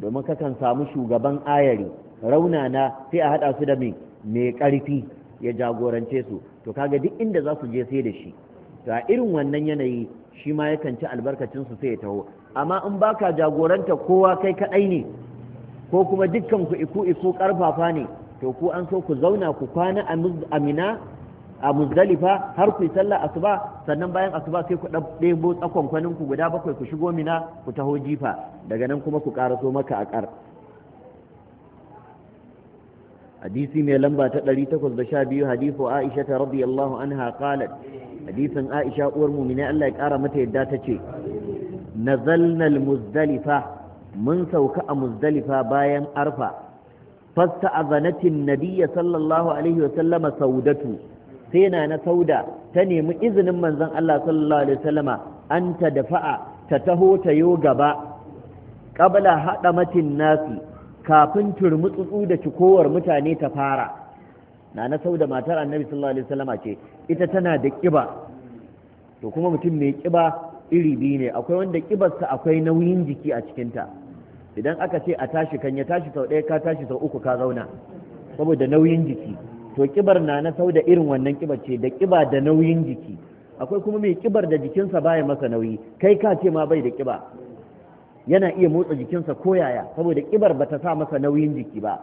domin kakan samu shugaban ayari raunana sai a haɗa su da mai ƙarfi ya jagorance su to kaga duk inda za su je sai da shi to a irin wannan yanayi shi ma yakan ci albarkacinsu sai ya taho amma in baka jagoranta kowa kai kaɗai ne ko kuma dukkan ku iku iku karfafa ne to ku an so ku zauna ku kwana a mina a muzdalifa har ku yi sallah asuba sannan bayan asuba sai ku ɗebo tsakon kwanin ku guda bakwai ku shigo mina ku taho jifa daga nan kuma ku karaso maka a kar hadisi mai lamba ta 812 hadisu Aisha ta radiyallahu anha qalat hadisin Aisha uwar mu'mina Allah ya kara mata yadda ce nazalna al-muzdalifa mun sauka a muzdalifa bayan arfa fasta azanatin Nabiya sallallahu alaihi wa sallama saudatu sai na na sauda ta nemi izinin manzon Allah sallallahu alaihi wa sallama an ta dafa'a ta taho ta yo gaba qabla hadamatin nasi kafin turmutsutsu da cikowar mutane ta fara na na sauda matar annabi sallallahu alaihi wasallama ce ita tana da kiba to kuma mutum mai kiba iri biyu ne akwai wanda kibarsa akwai nauyin jiki a cikinta idan aka ce a tashi kan ya tashi sau ɗaya ka tashi sau uku ka zauna saboda nauyin jiki to kibar na na sau da irin wannan kibar ce da kiba da nauyin jiki akwai kuma mai kibar da jikinsa baya masa nauyi kai ka ce ma bai da kiba yana iya motsa jikinsa ko yaya saboda kibar bata sa masa nauyin jiki ba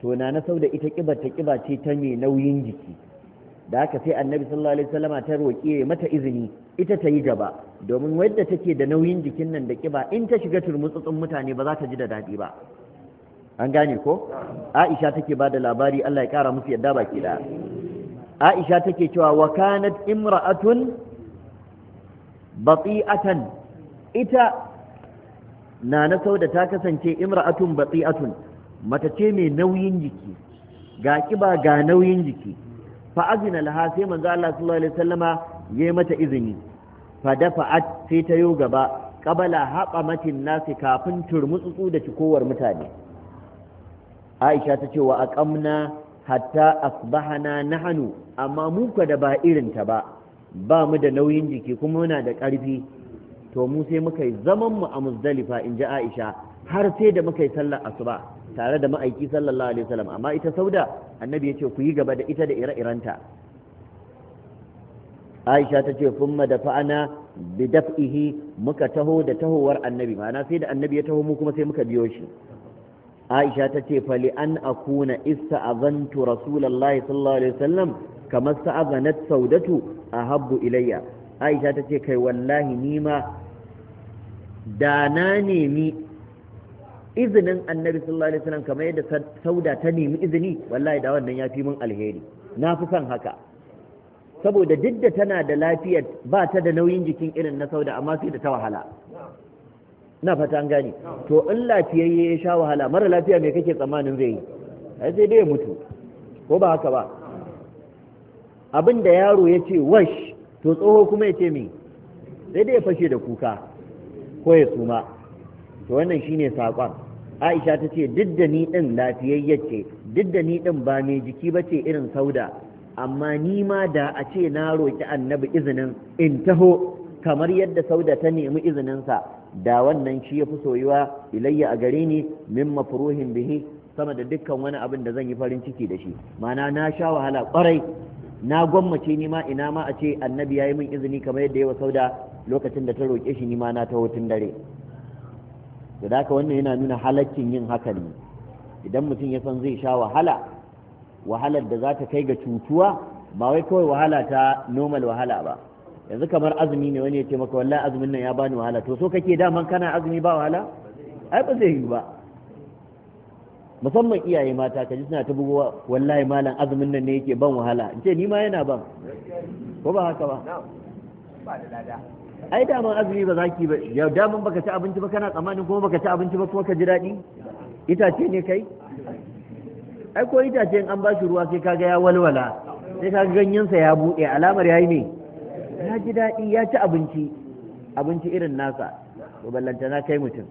to na na sau da ita kibar ta kiba ce ta mai nauyin jiki da aka sai annabi sallallahu alaihi wasallama ta roƙe mata izini ita ta yi gaba domin wadda take da nauyin jikin nan da kiba in ta shiga turmutsutsun mutane ba za ta ji da daɗi ba an gane ko aisha take ba da labari Allah ya kara musu yadda baki da aisha take cewa wa kanat imra'atun bati'atan ita na na da ta kasance imra'atun bati'atun mata ce mai nauyin jiki ga kiba ga nauyin jiki fa azina laha sai manzo Allah sallallahu alaihi wasallama yayi mata izini fa sai ta yo gaba qabala matin nasi kafin turmutsutsu da cikowar mutane Aisha ta ce wa ƙamna hatta asbahana hannu. amma mu da ba irin ta ba ba mu da nauyin jiki kuma muna da ƙarfi to mu sai muka yi zaman mu a muzdalifa in ji Aisha har sai da muka yi sallar asuba tare da ma'aiki sallallahu alaihi wasallam amma ita sauda annabi ya ce ku yi gaba da ita da ire-irenta aisha ta ce kuma da fa'ana bi daf'ihi muka taho da tahowar annabi ma'ana sai da annabi ya taho mu kuma sai muka biyo shi aisha ta ce fali an akuna ista'azantu rasulullahi sallallahu alaihi wasallam kamar sa'azanat saudatu ahabbu ilayya aisha ta ce kai wallahi nima da na nemi izinin annabi sallallahu alaihi wasallam kamar yadda sauda ta nemi izini wallahi da wannan ya fi mun alheri na fi son haka saboda duk da tana da lafiya ba ta da nauyin jikin irin na sauda amma sai da ta wahala na fata an gane to in lafiyayye ya sha wahala mara lafiya me kake tsammanin zai yi ai sai dai ya mutu ko ba haka ba abin yaro ya ce wash to tsoho kuma ya ce me sai dai ya fashe da kuka ko ya suma to wannan shine sakon. aisha ta ce duk da ni ɗin lafiyayya ce duk da ni ɗin ba mai jiki ba ce irin sauda amma ni ma da a ce na roƙi annabi izinin in taho kamar yadda sauda ta nemi izininsa da wannan shi ya fi soyuwa ilayya a gare ni min mafruhin bihi sama da dukkan wani abin da zan yi farin ciki da shi mana na sha wahala kwarai na gwammace ni ma ina ma a ce annabi ya yi min izini kamar yadda ya wa sauda lokacin da ta roƙe shi ni ma na taho tun dare to da wannan yana nuna halaccin yin hakan ne idan mutum ya san zai sha wahala wahalar da za ta kai ga cutuwa ba wai kawai wahala ta normal wahala ba yanzu kamar azumi ne wani ya ce maka wallahi azumin nan ya bani wahala to so kake daman kana azumi ba wahala ai ba zai yi ba musamman iyaye mata kaji suna ta bugowa wallahi malam azumin nan ne yake ban wahala in ce ni ma yana ban ko ba haka ba ba da lada ai daman azumi ba zaki ba ya mun baka ci abinci ba kana tsammanin kuma baka ci abinci ba kuma ka ji daɗi itace ne kai ai ko itace in an bashi ruwa sai kaga ya walwala sai kaga ganyensa ya buɗe alamar yayi ne ya ji daɗi ya ci abinci abinci irin nasa to na kai mutum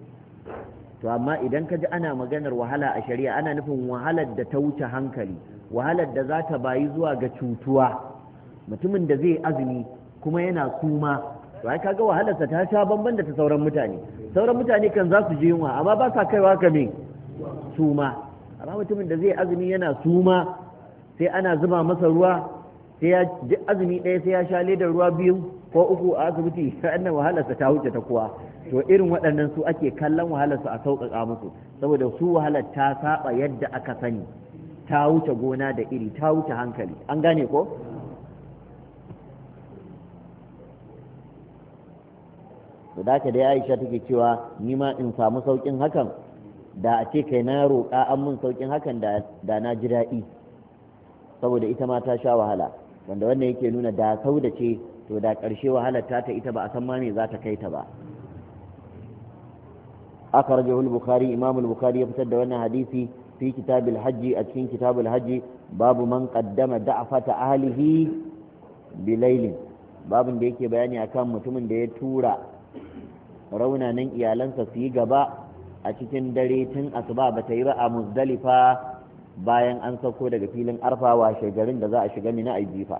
to amma idan ka ji ana maganar wahala a shari'a ana nufin wahalar da ta wuce hankali wahalar da za ta bayi zuwa ga cutuwa mutumin da zai azumi kuma yana kuma. to ai kaga wahalarsa ta sha bamban da ta sauran mutane sauran mutane kan za su ji yunwa amma ba sa kaiwa ka me suma amma mutumin da zai azumi yana suma sai ana zuba masa ruwa sai ya azumi ɗaya sai ya sha ledar ruwa biyu ko uku a asibiti wannan sa ta wuce ta kuwa to irin waɗannan su ake kallon su a sauƙaƙa musu saboda su wahalar ta saba yadda aka sani ta wuce gona da iri ta wuce hankali an gane ko to da haka dai aisha take cewa ni ma in samu saukin hakan da a ce kai na roƙa an mun saukin hakan da da na ji daɗi saboda ita ma ta sha wahala wanda wannan yake nuna da sau ce to da ƙarshe wahalar ta ta ita ba a san ma me za ta kai ta ba akhrajahu bukhari bukhari imamul bukhari ya fitar da wannan hadisi fi kitabul a cikin kitabul hajji babu man qaddama da'fata ahlihi bilailin babin da yake bayani akan mutumin da ya tura nan iyalansa su yi gaba a cikin dare tun asuba ba ta yi ba a muzdalifa bayan an sauko daga filin arfawa shagarin da za a shiga mina a jifa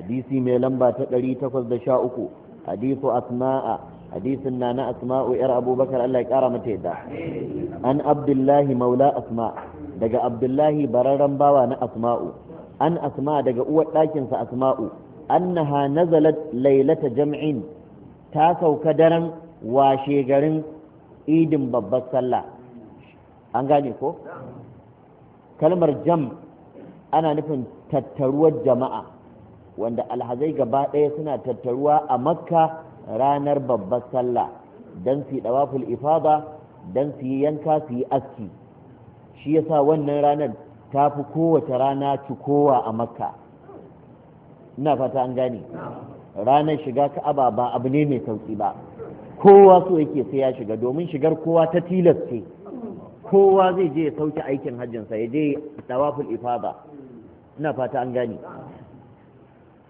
hadisi mai lamba ta 813 hadisu asma'a hadisin na na asma'u yar abubakar Allah ya kara mata yadda an abdullahi maula asma daga abdullahi bararren bawa na asma'u an asma daga uwar ɗakinsa asma'u annaha nazalat lailata jam'in ta sauka daren washe garin idin babbar sallah an gane ko kalmar jam ana nufin tattaruwar jama'a wanda alhazai gaba ɗaya suna tattaruwa a makka ranar babbar sallah don su yi ɗawaful ifada don su yi yanka su yi aski shi yasa wannan ranar ta fi kowace rana cikowa a makka ina fata an gane ranar shiga ka'aba ba abu ne mai sauƙi ba kowa so yake sai ya shiga domin shigar kowa ta tilas kowa zai je ya sauke aikin hajjinsa ya je tawaful ifada ina fata an gane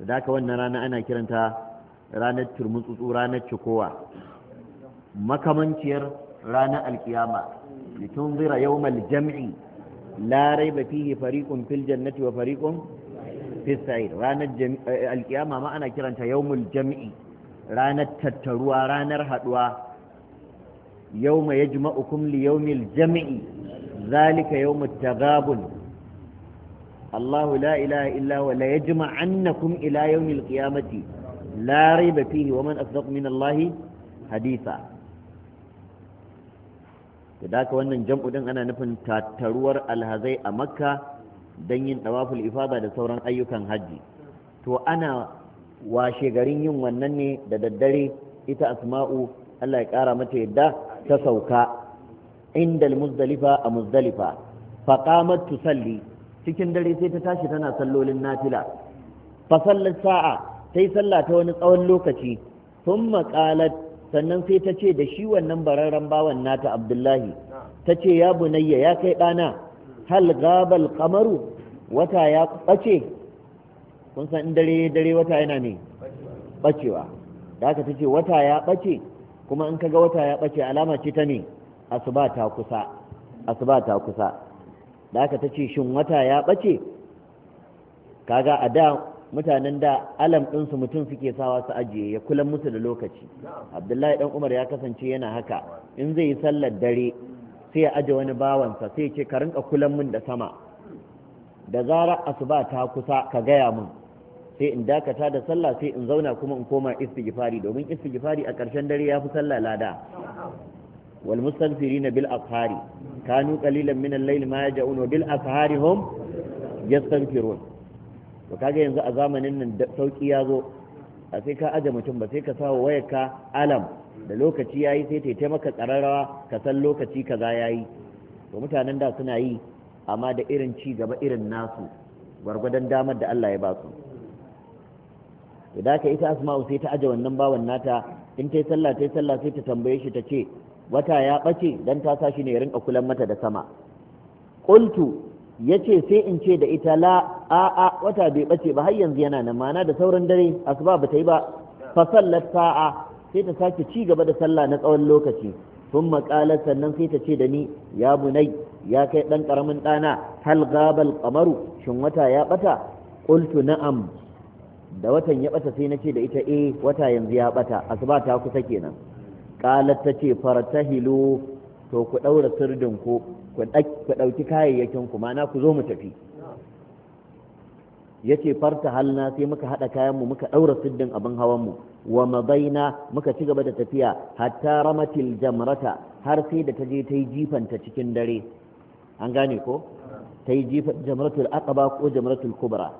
da haka wannan rana ana kiranta ranar turmutsutsu ranar cikowa makamanciyar ranar alkiyama litun zira yawmal jam'i la raiba fihi fariqun fil jannati wa fariqun fi ranar eh, alkiyama ma ana kiranta yawmul jami'i ranar tattaruwa ranar haduwa yawma yajma'ukum li yawmil jami'i zalika yawmut tagabun la ilaha illa إلا la لا يجمعنكم إلى يوم القيامة لا ريب فيه ومن أصدق من الله حديثا da ka wannan jam'u din ana nufin tattaruwar alhazai a makka don yin tawaful ifada da sauran ayyukan hajji to ana washe garin yin wannan ne da daddare ita asma'u Allah ya kara mata yadda ta sauka inda muzdalifa a muzdalifa faqamat tusalli cikin dare sai ta tashi tana sallolin nafila fa sallat sa'a sai sallah ta wani tsawon lokaci thumma qalat sannan sai ta ce da shi wannan bararren bawan nata Abdullahi ta ce ya bunayya ya kai ɗana hal gabal kamaru wata ya ɓace kun san in dare dare wata yana ne ɓacewa da aka tace wata ya ɓace kuma in kaga wata ya ɓace alama ce ta ne asuba ta kusa asuba ta kusa da aka tace shin wata ya ɓace kaga a da mutanen da alam ɗinsu mutum suke sawa su ajiye ya kulan musu da lokaci abdullahi dan umar ya kasance yana haka in zai yi sallar dare sai ya aje wani bawansa sai ce ka rinka kulan min da sama da zarar asuba ta kusa ka gaya min sai in dakata da sallah sai in zauna kuma in koma istighfari domin istighfari a ƙarshen dare ya fi sallah lada wal na bil ashari kanu qalilan min al-layli ma yaj'un bil ashari hum yastaghfirun to kaga yanzu a zamanin nan sauki ya zo a sai ka aje mutum ba sai ka sawa wayarka alam da lokaci yayi sai ta taimaka kararrawa ka san lokaci kaza yayi to mutanen da suna yi amma da irin ci gaba irin nasu gwargwadon damar da Allah ya ba su idan ka ita asma'u sai ta aje wannan bawan nata in ta yi sallah ta yi sallah sai ta tambaye shi ta ce wata ya ɓace dan ta sa shi ne ya rinka kulan mata da sama qultu yace sai in ce da ita la a a wata bai ɓace ba har yanzu yana nan mana da sauran dare asuba ba ta yi ba fa sallat sa'a sai ta sake ci gaba da sallah na tsawon lokaci sun maƙalar sannan sai ta ce da ni ya bunai ya kai ɗan ƙaramin ɗana hal gabal kamaru shin wata ya ɓata ƙultu na'am da watan ya ɓata sai na ce da ita eh wata yanzu ya ɓata asuba ta kusa kenan ƙalar ta ce hilo to ku ɗaura sirdin ku ku ɗauki kayayyakin ku ma'ana ku zo mu tafi yace farta halna sai muka haɗa kayan mu muka ɗaura siddin abin hawanmu mu wa madaina muka ci gaba da tafiya hatta ramatil jamrata har sai da ta je ta yi jifanta cikin dare an gane ko ta yi jifan jamratul aqaba ko jamratul kubra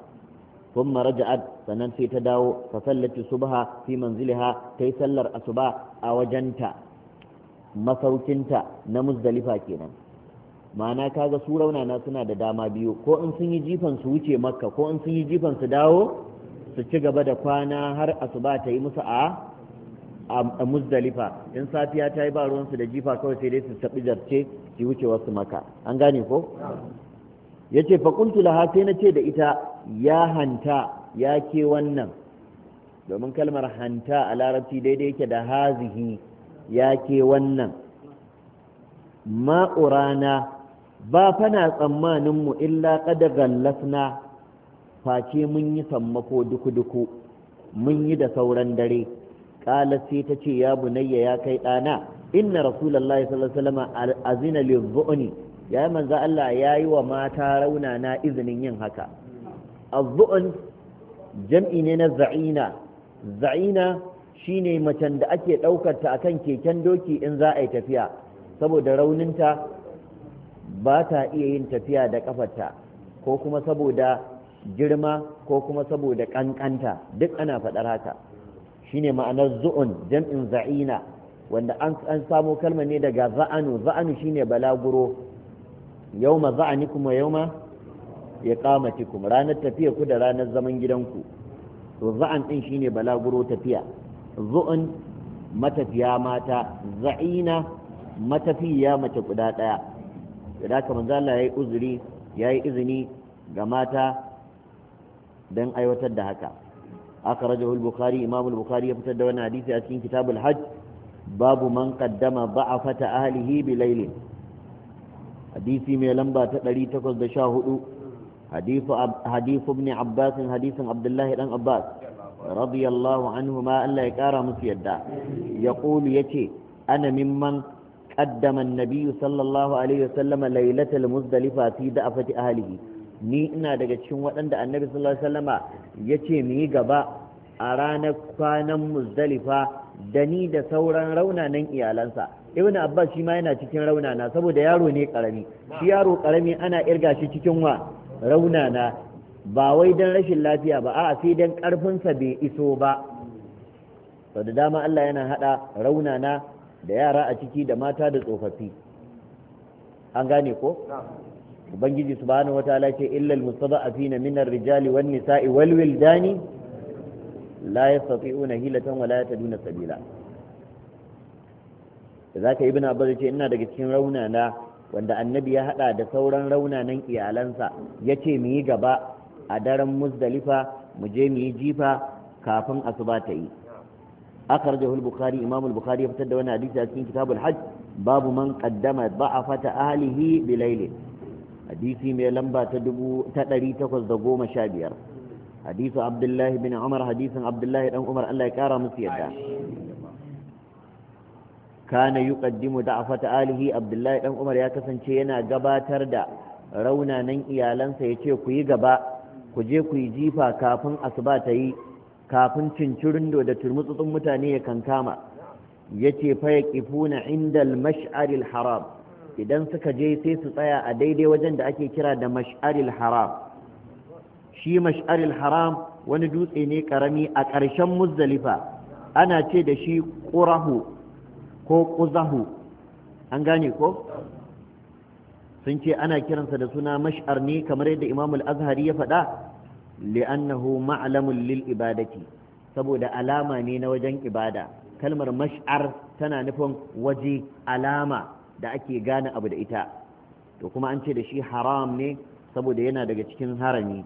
ثم رجعت sannan sai ta dawo fa sallati subha fi manziliha tai sallar asuba a wajenta masaukinta na muzdalifa kenan ma'ana kaga su raunana suna da dama biyu ko in sun yi jifan su wuce makka ko in sun yi jifan su dawo su ci gaba da kwana har asuba ta yi musu a a muzdalifa in safiya ta yi ba ruwansu da jifa kawai sai dai su tabi zarce su wuce wasu maka an gane ko ya ce faƙuntu laha sai na ce da ita ya hanta ya ke wannan domin kalmar hanta a larabci daidai yake da hazihi ya ke wannan ma'urana ba fana tsammaninmu illa kada gallasna face mun yi sammako duku-duku mun yi da sauran dare ƙala sai ta ce ya bunayya ya kai ɗana inna rasulallah sallallahu alaihi wasallam azina ya ya manzo Allah ya yi wa mata rauna na izinin yin haka azzu'un jam'i ne na za'ina za'ina shine macen da ake ɗaukar ta akan keken doki in za a yi tafiya saboda rauninta ba ta iya yin tafiya da kafarta ko kuma saboda girma ko kuma saboda kankanta duk ana faɗar haka shine ma'anar zu'un jam'in za'ina wanda an samo kalmar ne daga za'anu za'anu shine balaguro yauma za'anikum wa yauma iqamatikum ranar tafiya ku da ranar zaman gidanku to za'an din shine balaguro tafiya zu'un matafiya mata za'ina matafiya mace guda daya da haka manzo Allah yayi uzuri yayi izini ga mata dan aiwatar da haka akhrajahu al-bukhari imam al-bukhari ya fitar da wannan hadisi a cikin kitabul hajj babu man qaddama ba'afata ahlihi bi laylin hadisi mai lamba ta 814 hadithu hadithu ibn abbas hadisin abdullahi dan abbas radiyallahu anhuma Allah ya kara musu yadda yaqulu yace ana mimman قدم النبي صلى الله عليه وسلم ليلة المزدلفة في دعفة أهله ni ina daga cikin waɗanda annabi sallallahu alaihi wasallama ya ce mu yi gaba a ranar kwanan muzdalifa da ni da sauran raunanan iyalansa ibn abbas shi ma yana cikin raunana saboda yaro ne karami shi yaro karami ana irga shi cikin wa raunana ba wai don rashin lafiya ba a'a sai don ƙarfinsa bai iso ba sau da dama Allah yana haɗa raunana da yara a ciki da mata da tsofaffi an gane ko ubangiji subhanahu wataala ce illal mustada'afina min ar-rijali wan nisa'i wal wildani la yastati'una hilatan wala yataduna sabila da zaka ibn abbas ce ina daga cikin rauna na wanda annabi ya hada da sauran raunanan iyalansa yace mu yi gaba a daren muzdalifa mu je mu yi jifa kafin asuba ta yi akhrajahu al-bukhari imam al ya fitar da wannan hadisi a cikin kitabul hajj babu man qaddama a ahlihi bi layl hadisi mai lamba ta 1815 hadisu abdullahi bin umar hadisin abdullahi dan umar Allah kara musu yadda kana yuqaddimu da'afata alihi abdullahi dan umar ya kasance yana gabatar da raunanan iyalansa ya ce ku gaba ku je ku jifa kafin asuba ta yi kafin cincirindo da turmutsutsun mutane ya kankama ya ce faya kifuna indal mash'aril haram idan suka je sai su tsaya a daidai wajen da ake kira da mash'aril haram shi mash'aril haram wani dutse ne karami a ƙarshen muzdalifa ana ce da shi ƙurahu ko ƙuzahu an gane ko sun ce ana kiransa da suna mash'ar ne kamar yadda imamul azhari ya faɗa li'annahu ma'lamun lil ibadati saboda alama ne na wajen ibada kalmar mash'ar tana nufin waje alama da ake gane abu da ita to kuma an ce da shi haram ne saboda yana daga cikin harami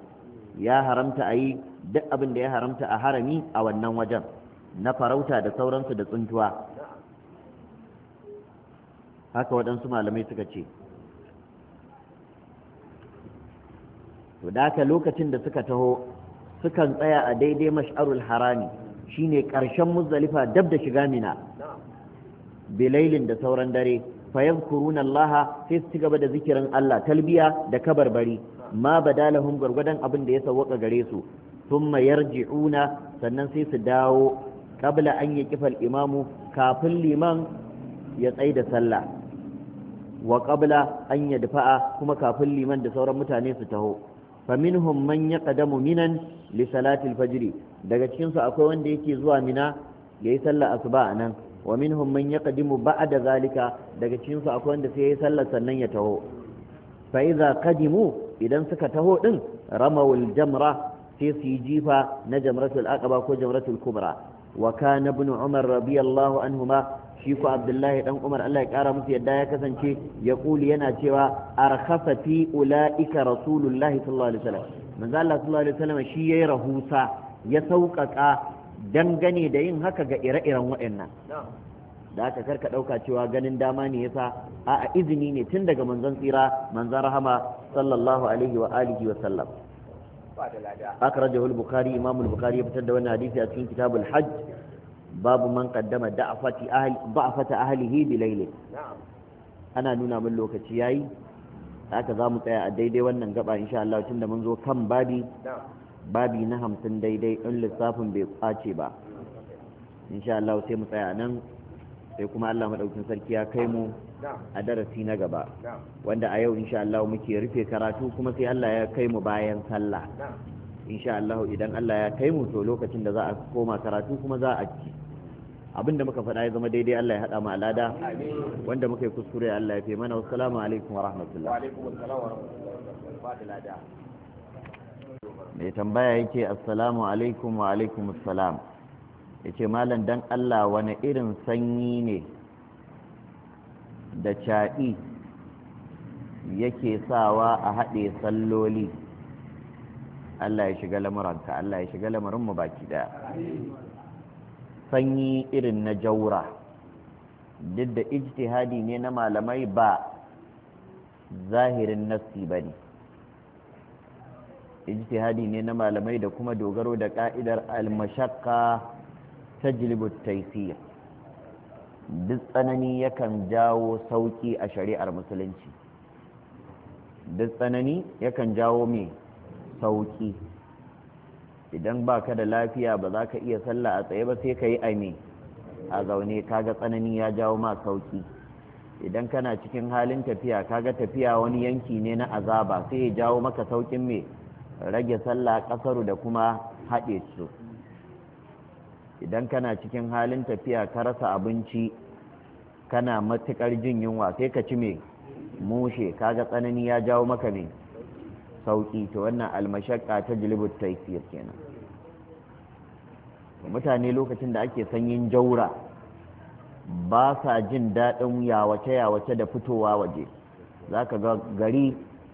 ya haramta ayi yi duk abin da ya haramta a harami a wannan wajen na farauta da sauransu da tsuntuwa haka waɗansu malamai suka ce to da haka lokacin da suka taho sukan tsaya a daidai mash'arul harami shine karshen muzdalifa dab da shiga mina bilailin da sauran dare fayazkuruna allaha sai su ci gaba da zikirin Allah talbiya da kabarbari ma badalahum gwargwadon abin da ya sawwaka gare su thumma yarji'una sannan sai su dawo qabla an yaqifa al-imamu kafin liman ya tsai sallah wa qabla an yadfa'a kuma kafin liman da sauran mutane su taho faminhum man yaqdamu minan li fajiri, daga cikin su akwai wanda yake zuwa mina yayi sallar asuba a nan wa minhum man yaqdimu ba'da zalika daga cikin su akwai wanda sai yi sallar sannan ya taho fa idza qadimu idan suka taho din ramawul jamra sai su yi jifa na jamratul aqaba ko jamratul kubra wa kana ibn umar radiyallahu anhuma shi ko abdullahi dan umar Allah ya kara musu yadda ya kasance ya kuli yana cewa arkhasa fi ulaika rasulullahi sallallahu alaihi wasallam manzo Allah sallallahu alaihi wasallam shi yayi rahusa ya sauƙaƙa dangane da yin haka ga ire-iren waɗannan da aka karka ɗauka cewa ganin dama ne yasa a a izini ne tun daga manzon tsira manzon rahama sallallahu alaihi wa alihi wa sallam akhrajahu al-bukhari imam al-bukhari ya fitar da wannan hadisi a cikin kitabul hajj babu man kaddama da'afati ahli ba'afata ahlihi bilailin ana nuna min lokaci yayi haka zamu tsaya a daidai wannan gaba insha Allah tunda mun zo kan babi babi na hamsin daidai in lissafin bai kwace ba insha Allah sai mu tsaya nan sai kuma Allah madaukin sarki ya kai mu a darasi na gaba wanda a yau insha Allah muke rufe karatu kuma sai Allah ya kai mu bayan sallah insha Allah idan Allah ya kai mu to lokacin da za a koma karatu kuma za a ci abinda muka faɗa ya zama daidai Allah ya haɗa mu alada wanda muka yi kuskure Allah ya fi mana wassalamu alaikum wa rahmatullah mai tambaya yake assalamu alaikum wa alaikum assalam yake malam dan Allah wani irin sanyi ne da caɗi yake sawa a haɗe salloli Allah ya shiga lamuranka Allah ya shiga lamarinmu baki ɗaya sanyi irin na jaura duk da ijtihadi ne na malamai ba zahirin nassi ba ne ijtihadi ne na malamai da kuma dogaro da ka'idar almashakka tajlibu taysir duk tsanani yakan jawo sauƙi a shari'ar musulunci duk tsanani yakan jawo mai sauƙi. idan ba ka da lafiya ba za ka iya sallah a tsaye ba sai ka yi aime a zaune kaga tsanani ya jawo ma sauki idan kana cikin halin tafiya kaga tafiya wani yanki ne na azaba sai ya jawo maka saukin mai rage sallah kasaru da kuma haɗe su idan kana cikin halin tafiya ka rasa abinci kana matuƙar jin yunwa sai ka ci mai mushe kaga tsanani ya jawo maka mai sauki ta wannan almashakka ta jilibut taifiyar kenan mutane lokacin da ake sanyin jaura ba sa jin daɗin yawace-yawace da fitowa waje za ka ga gari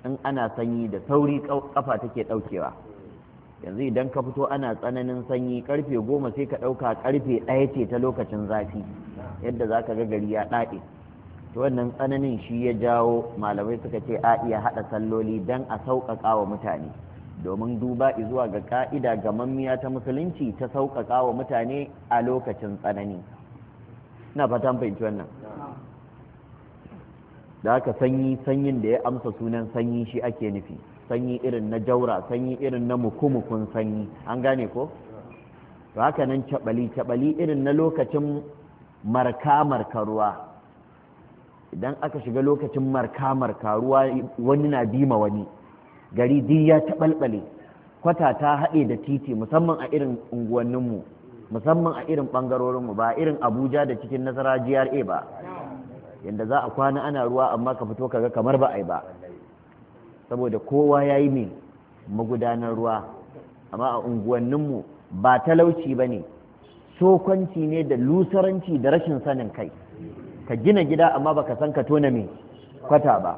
in ana sanyi da sauri kafa take ɗaukewa yanzu idan ka fito ana tsananin sanyi karfe goma sai ka ɗauka karfe ɗaya ce ta lokacin zafi yadda za ka ga gari ya ɗaɗe to wannan tsananin shi ya jawo malamai suka ce a iya haɗa salloli don a sauƙaƙa wa mutane domin duba zuwa ga ka'ida ga mammiya ta musulunci ta sauƙaƙa wa mutane a lokacin tsanani na fatan fahimci wannan da aka sanyi sanyin da ya amsa sunan sanyi shi ake nufi sanyi irin na jaura sanyi irin na mukumukun sanyi an gane ko to haka nan cabali cabali irin na lokacin marka marka ruwa idan aka shiga lokacin marka marka ruwa wani na bima wani gari duk ya taɓalɓale kwata ta haɗe da titi musamman a irin unguwanninmu musamman a irin ɓangarorinmu ba irin abuja da cikin nasara gra ba yadda za a kwana ana ruwa amma ka fito kaga kamar ba a yi ba saboda kowa ya yi min magudanar ruwa amma a unguwanninmu ba talauci ba ne sokwanci ne da lusaranci da rashin sanin kai ka gina gida amma baka san ka tona mai kwata ba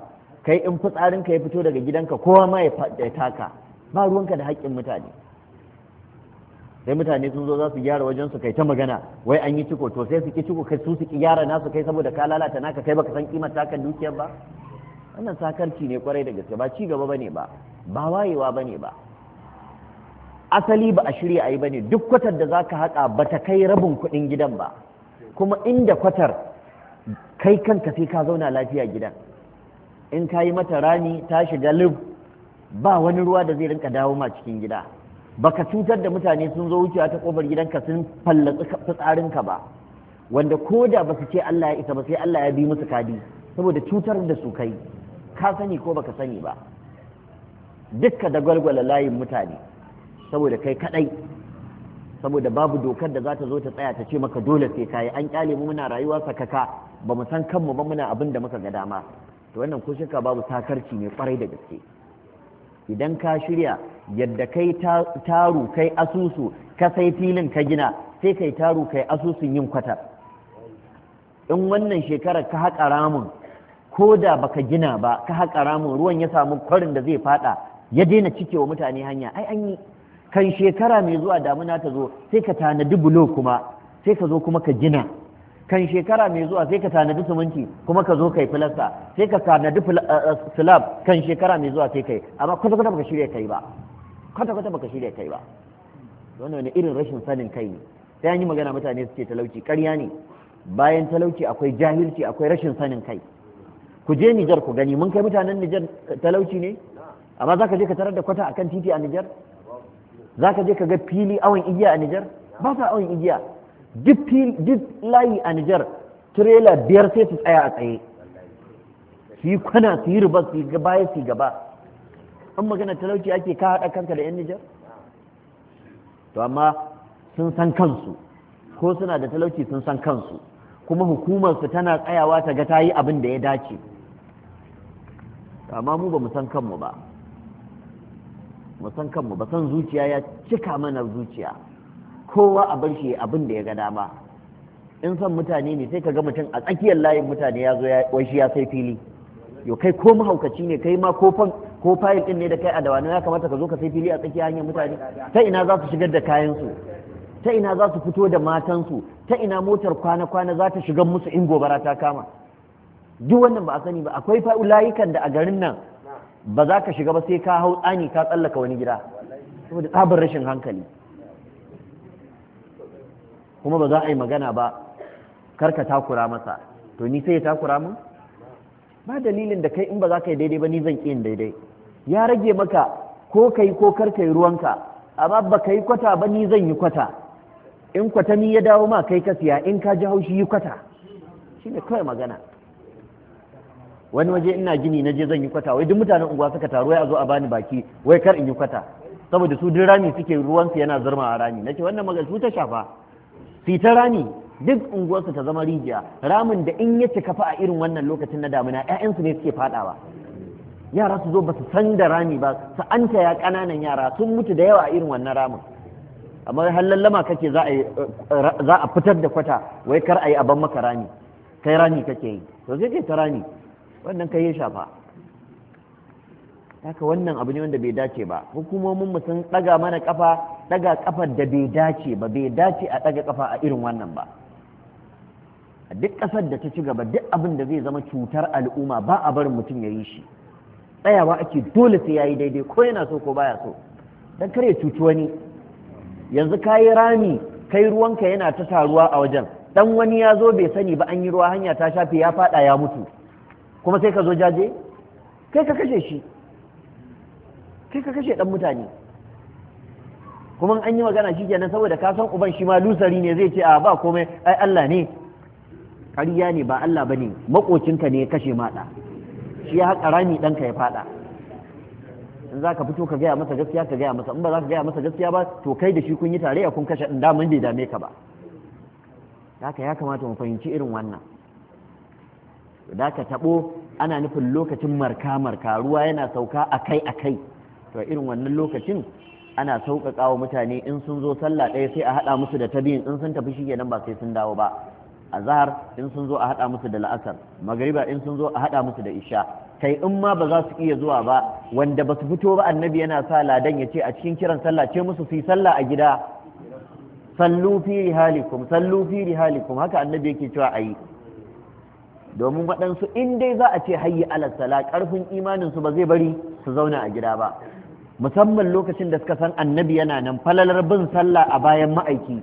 kai in fitsarin ka ya fito daga gidanka kowa ma ya taka ba ruwanka da haƙƙin mutane sai mutane sun zo za su gyara wajen su kai ta magana wai an yi ciko to sai su ki ciko kai su su ki gyara nasu kai saboda ka lalata naka kai baka san kimar takan dukiyar ba wannan sakarci ne kwarai da gaske ba ci gaba bane ba ba wayewa bane ba asali ba a shirya ayi bane duk kwatar da zaka ba ta kai rabin kuɗin gidan ba kuma inda kwatar kai kanka sai ka zauna lafiya gidan in ka yi mata rani ta shiga lib ba wani ruwa da zai rinka dawo ma cikin gida ba ka cutar da mutane sun zo wucewa ta kofar gidanka sun fallatsi fitsarinka ba wanda ko da ba su ce Allah ya isa ba sai Allah ya bi musu kadi saboda cutar da su kai ka sani ko baka sani ba dukka da gwalgwala layin mutane saboda kai kadai saboda babu dokar da za ta zo ta tsaya ta ce maka dole sai ka yi an kyale mu muna rayuwa sakaka ba mu san kanmu ba muna abin da muka ga dama to wannan ko shakka babu sakarci mai kwarai da gaske idan ka shirya yadda kai taru kai asusu ka sai filin ka gina sai kai taru kai asusun yin kwatar in wannan shekarar ka haƙa ramin ko da baka gina ba ka haƙa ramin ruwan ya samu kwarin da zai fada ya daina cikewa mutane hanya ai an yi kan shekara mai zuwa damuna ta zo sai ka tanadi bulo kuma sai ka zo kuma ka gina kan shekara mai zuwa sai ka tanadi suminti kuma ka zo kai filasta sai ka tanadi eh, eh, slab kan shekara mai zuwa sai kai amma kwata kwata baka shirya kai ba kwata kwata baka shirya kai ba wannan wani irin rashin sanin kai ne sai an yi magana mutane su ce talauci ƙarya ne bayan talauci akwai jahilci akwai rashin sanin kai ku je Nijar ku gani mun kai mutanen Nijar talauci ne amma za ka je ka tarar da kwata akan titi a Nijar za ka je ka ga fili awon igiya a Nijar ba sa awon igiya duk layi a Nijar tirela biyar sai su tsaya a tsaye su yi kwana su yi ruba, su yi gaba, su gaba an magana talauci ake ka haɗa kanka da 'yan Nijar to amma sun san kansu ko suna da talauci sun san kansu kuma hukumarsu tana tsayawa ta ga ta yi abin da ya dace amma mu ba mu san kanmu ba musan san kanmu ba san zuciya ya cika mana zuciya kowa a bar shi abin da ya ga dama in san mutane ne sai ka ga mutum a tsakiyar layin mutane ya zo ya shi ya sai fili yo kai ko mahaukaci ne kai ma ko fan ko fayil din ne da kai a dawanin ya kamata ka zo ka sai fili a tsakiyar hanyar mutane ta ina za su shigar da kayan su ta ina za su fito da matan su ta ina motar kwana-kwana za ta shiga musu in gobara ta kama duk wannan ba a sani ba akwai layukan da a garin nan ba za ka shiga ba sai ka hau tsani ka tsallaka wani gida saboda tsabar rashin hankali kuma ba za a yi magana ba kar ka takura masa to ni sai ya takura mun ba dalilin da kai in ba za ka yi daidai ba ni zan yin daidai ya rage maka ko ka yi ko kar ka yi ruwanka amma ba ka yi kwata ba ni zan yi kwata in kwata ni ya dawo ma kai ka siya in ka ji haushi yi kwata Shi ne kawai magana wani waje ina gini na je zan yi kwata wai duk mutanen unguwa suka taru ya zo a bani baki wai kar in yi kwata saboda su duk rami suke ruwansu yana zurma a rami nace wannan magal su ta shafa su ta rami duk unguwarsu ta zama rijiya ramin da in ya cika fa a irin wannan lokacin na damina su ne suke fadawa yara su zo ba su san da rami ba su anta ya ƙananan yara sun mutu da yawa a irin wannan ramin amma har lallama kake za a fitar da kwata wai kar a yi aban maka rami kai rami kake yi to sai kai ta rami wannan kai ya shafa haka wannan abu ne wanda bai dace ba hukumomin mu sun daga mana kafa daga kafar da bai dace ba bai dace a daga kafa a irin wannan ba a duk kasar da ta ci gaba duk abin da zai zama cutar al'umma ba a barin mutum ya yi shi tsayawa ake dole sai ya yi daidai ko yana so ko baya so don kare cuci wani yanzu ka yi rami kai ruwanka yana ta taruwa a wajen dan wani ya zo bai sani ba an yi ruwa hanya ta shafe ya fada ya mutu kuma sai ka zo jaje kai ka kashe shi kai ka kashe dan mutane kuma an yi magana shi kenan saboda ka san uban shi ma lusari ne zai ce a ba komai ai Allah ne ƙarya ne ba Allah bane makocinka ne kashe maɗa shi ya haƙa rami ɗanka ya faɗa in za ka fito ka gaya masa gaskiya ka gaya masa in ba za ka gaya masa gaskiya ba to kai da shi kun yi tare ya kun kashe ɗin damun bai dame ka ba haka ya kamata mu fahimci irin wannan da ka taɓo ana nufin lokacin marka marka ruwa yana sauka akai akai to irin wannan lokacin ana sauƙaƙa wa mutane in sun zo sallah ɗaya sai a haɗa musu da ta biyun in sun tafi shi nan ba sai sun dawo ba a zahar in sun zo a haɗa musu da la'asar magariba in sun zo a haɗa musu da isha kai in ma ba za su iya zuwa ba wanda ba su fito ba annabi yana sa ladan ya ce a cikin kiran sallah ce musu su yi sallah a gida sallu fi rihalikum sallu fi rihalikum haka annabi yake cewa ayi. domin waɗansu in dai za a ce hayyi alasala ƙarfin imaninsu ba zai bari su zauna a gida ba musamman lokacin da suka san annabi yana nan falalar bin sallah a bayan ma'aiki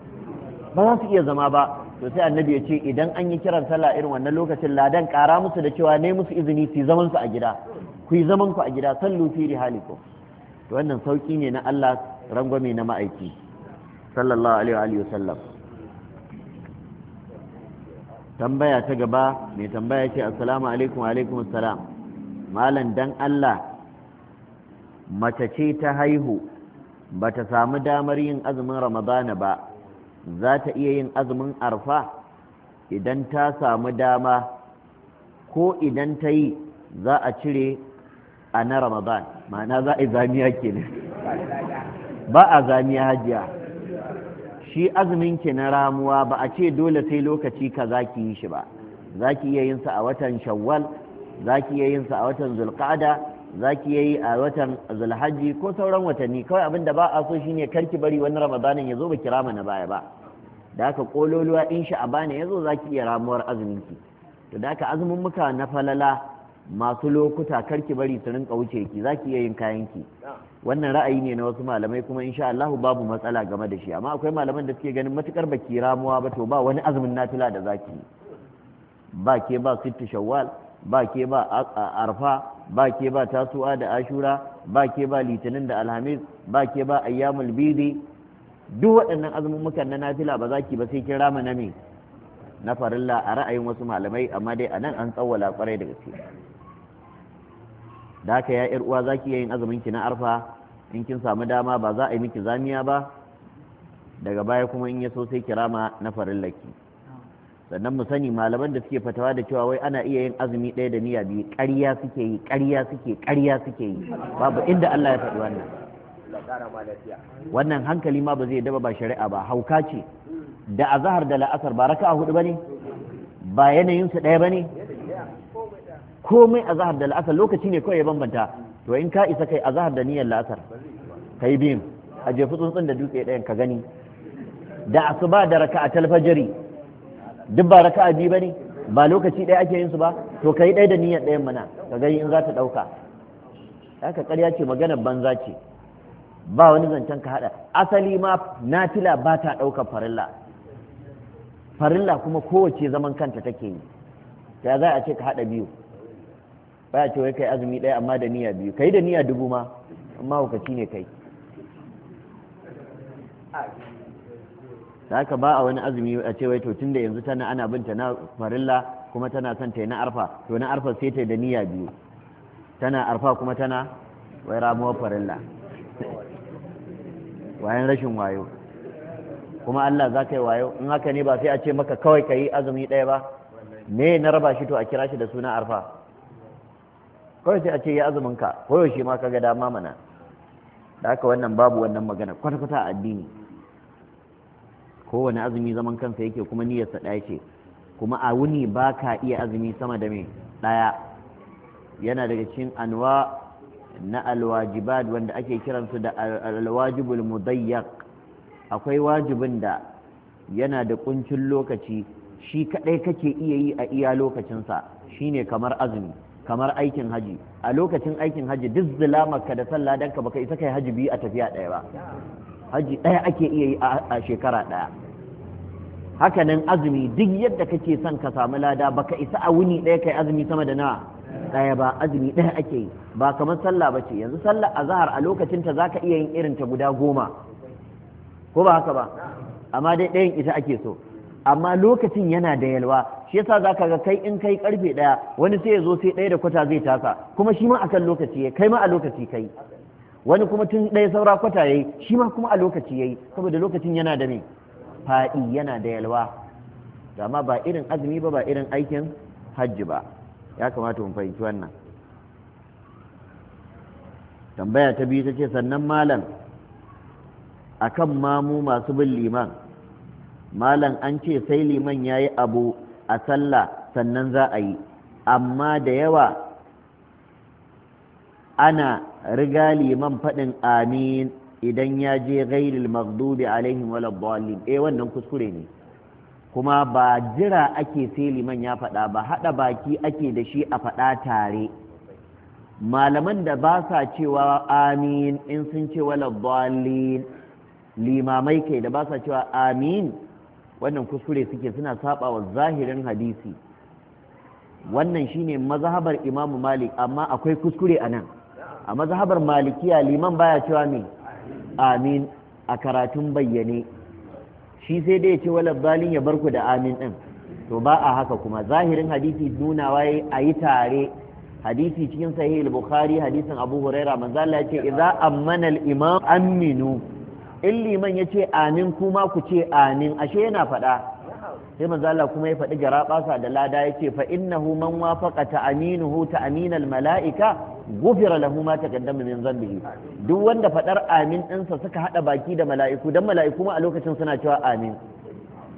ba za su iya zama ba to sai annabi ya ce idan an yi kiran sallah irin wannan lokacin ladan ƙara musu da cewa ne musu izini su zaman su a gida ku yi zaman ku a gida sallu fi rihalikum to wannan sauki ne na Allah rangwame na ma'aiki sallallahu alaihi wa sallam tambaya ta gaba mai tambaya ce assalamu alaikum alaikum assalam malam dan Allah mace ce ta haihu ba ta samu damar yin azumin ramadana ba za ta iya yin azumin arfa idan ta samu dama ko idan ta yi za a cire a na ramadan ma'ana za a yi zamiya ke ba a zamiya hajiya shi azumin ki na ramuwa ba a ce dole sai lokaci ka za ki yi shi ba za ki iya yin sa a watan shawwal za ki iya yin sa a watan zulqada za ki iya yi a watan zulhajji ko sauran watanni kawai abin da ba a so shine kar ki bari wani ramadanin ya zo ba ki rama na baya ba da haka kololuwa in abana ya zo za ki iya ramuwar azumin ki to da haka azumin muka na falala masu lokuta kar ki bari su rinka wuce ki za ki iya yin kayan ki wannan ra'ayi ne na wasu malamai kuma insha Allah babu matsala game da shi amma akwai malaman da suke ganin matukar baki ramuwa ba to ba wani azumin nafila da zaki ba ke ba sittu shawwal ba ke ba arfa ba ke ba tasu'a da ashura ba ke ba litinin da alhamis ba ke ba ayyamul bidi duk waɗannan mukan na nafila ba zaki ba sai kin rama na me na farilla a ra'ayin wasu malamai amma dai anan an tsawwala kwarai da gaske da haka ya yar uwa zaki yayin azumin ki na arfa in kin samu dama ba za a yi miki zamiya ba daga baya kuma in ya so sai kirama na farillaki sannan mu sani malaman da suke fatawa da cewa wai ana iya yin azumi ɗaya da niyya biyu ƙarya suke yi ƙarya suke ƙarya suke yi babu inda Allah ya faɗi wannan wannan hankali ma ba zai daba ba shari'a ba hauka ce da zahar da la'asar ba raka'a hudu bane ba yanayin su ɗaya bane komai zahar da la'asar lokaci ne kawai ya bambanta to in ka isa kai azahar da niyyar la'asar ka biyun a jefi tsuntsun da dutse ɗayan ka gani da ba da raka a talfajiri duk ba raka a biyu ba ne ba lokaci ɗaya ake yin su ba to ka yi ɗaya da niyyar ɗayan mana ka gani in za ta ɗauka ka ƙarya ce maganar banza ce ba wani zancen ka haɗa asali ma natila ba ta ɗaukar farilla farilla kuma kowace zaman kanta take yi ta za a ce ka haɗa biyu ba a ce wai kai azumi ɗaya amma da niyya biyu kai da niyya dubu ma amma hukaci ne kai da aka ba a wani azumi a ce wai to tunda yanzu tana ana binta na farilla kuma tana son ta yi na arfa to na arfa sai ta da niyya biyu tana arfa kuma tana wai ramuwar farilla wayan rashin wayo kuma Allah za ka yi wayo in haka ne ba sai a ce maka kawai ka yi azumi ɗaya ba me na raba shi to a kira shi da suna arfa kawai sai a ce ya azumin ka koyaushe ma ka ga dama mana da aka wannan babu wannan magana kwata-kwata a addini kowane azumi zaman kansa yake kuma niyyarsa ɗaya ce kuma a wuni ba ka iya azumi sama da mai ɗaya yana daga cikin anwa na alwajibad wanda ake kiransu da alwajibul mudayyak akwai wajibin da yana da kuncin lokaci shi kaɗai kake iya yi a iya lokacinsa shine kamar azumi kamar aikin haji a lokacin aikin haji duk zulamarka da sallah dan ka baka isa kai haji biyu a tafiya ɗaya ba haji ɗaya ake iya yi a shekara ɗaya hakanan azumi duk yadda kake son ka samu lada baka isa a wuni ɗaya kai azumi sama da nawa ɗaya ba azumi ɗaya ake yi ba kamar sallah ba ce yanzu sallah a zahar a lokacin ta zaka iya yin irin ta guda goma ko ba haka ba amma dai ɗayan ita ake so amma lokacin yana da yalwa shi yasa ka ga kai in kai karfe ɗaya wani sai ya zo sai daya da kwata zai tasa kuma shi ma a kan lokaci ya kai ma a lokaci kai wani kuma tun ɗaya saura kwata ya yi shi ma kuma a lokaci ya yi saboda lokacin yana da mai fa'i yana da yalwa amma ba irin azumi ba ba irin aikin hajji ba ya kamata mu fahimci wannan tambaya ta biyu ta ce sannan malam akan mamu masu bin liman malam an ce sai liman ya yi abu a sallah sannan za a yi amma da yawa ana riga liman faɗin amin idan ya je ghairil maghdubi alaihim wala dhalin eh wannan kuskure ne kuma ba jira ake sai liman ya faɗa ba haɗa baki ake da shi a faɗa tare malaman da ba sa cewa amin in sun ce wala dhalin limamai kai da ba sa cewa amin wannan kuskure suke suna saba wa zahirin hadisi wannan shine mazhabar imam malik amma akwai kuskure a nan a mazhabar malikiya liman baya cewa ne. amin a karatun bayyane shi sai dai ya ce wala zalin ya barku da amin ɗin. to ba a haka kuma zahirin hadisi nuna waye a yi tare hadisi cikin sahih al-bukhari hadisin abu huraira manzo Allah ya ce idza ammana al-imam aminu in liman ya ce amin kuma ku ce amin ashe yana faɗa sai manzo Allah kuma ya faɗi garaɓasa da lada ya ce fa innahu man wafaqa ta'aminuhu ta'aminal mala'ika gufira lahu ma taqaddama min dhanbihi duk wanda faɗar amin ɗinsa suka haɗa baki da mala'iku dan mala'iku ma a lokacin suna cewa amin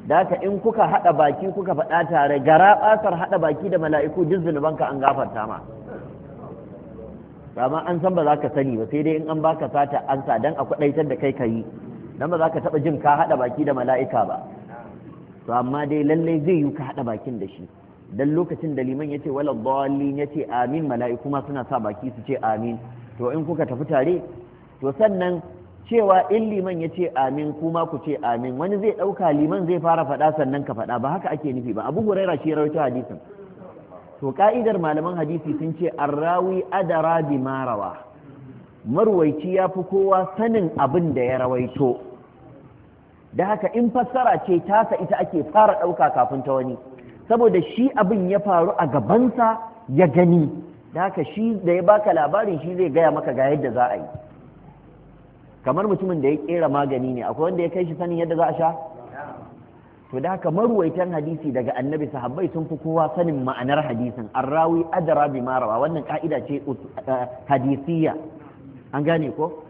da in kuka haɗa baki kuka faɗa tare garaɓasar haɗa baki da mala'iku duk zunubanka an gafarta ma ba an san ba za ka sani ba sai dai in an baka sata an sa dan akwai daitar da kai kayi dan ba za ka taba jin ka hada baki da mala'ika ba to amma dai lalle zai yi ka hada bakin da shi dan lokacin da liman yace wala dallin yace amin mala'iku ma suna sa baki su ce amin to in kuka tafi tare to sannan cewa in liman yace amin kuma ku ce amin wani zai dauka liman zai fara fada sannan ka fada? ba haka ake nufi ba abu huraira shi rawaito hadisin to ka'idar malaman hadisi sun ce an rawi adara bi marawa marwaici ya fi kowa sanin abin da ya rawaito da haka in fassara ce tasa ita ake fara ɗauka kafin ta wani saboda shi abin ya faru a gabansa ya gani da haka shi da ya baka labarin shi zai gaya maka ga yadda za a yi kamar mutumin da ya kera magani ne akwai wanda ya kai shi sanin yadda za a sha to da haka maruwaitan hadisi daga annabi sahabbai sun fi kowa sanin ma'anar hadisin arrawi adara bi marawa wannan ka'ida ce eh, hadisiya an gane ko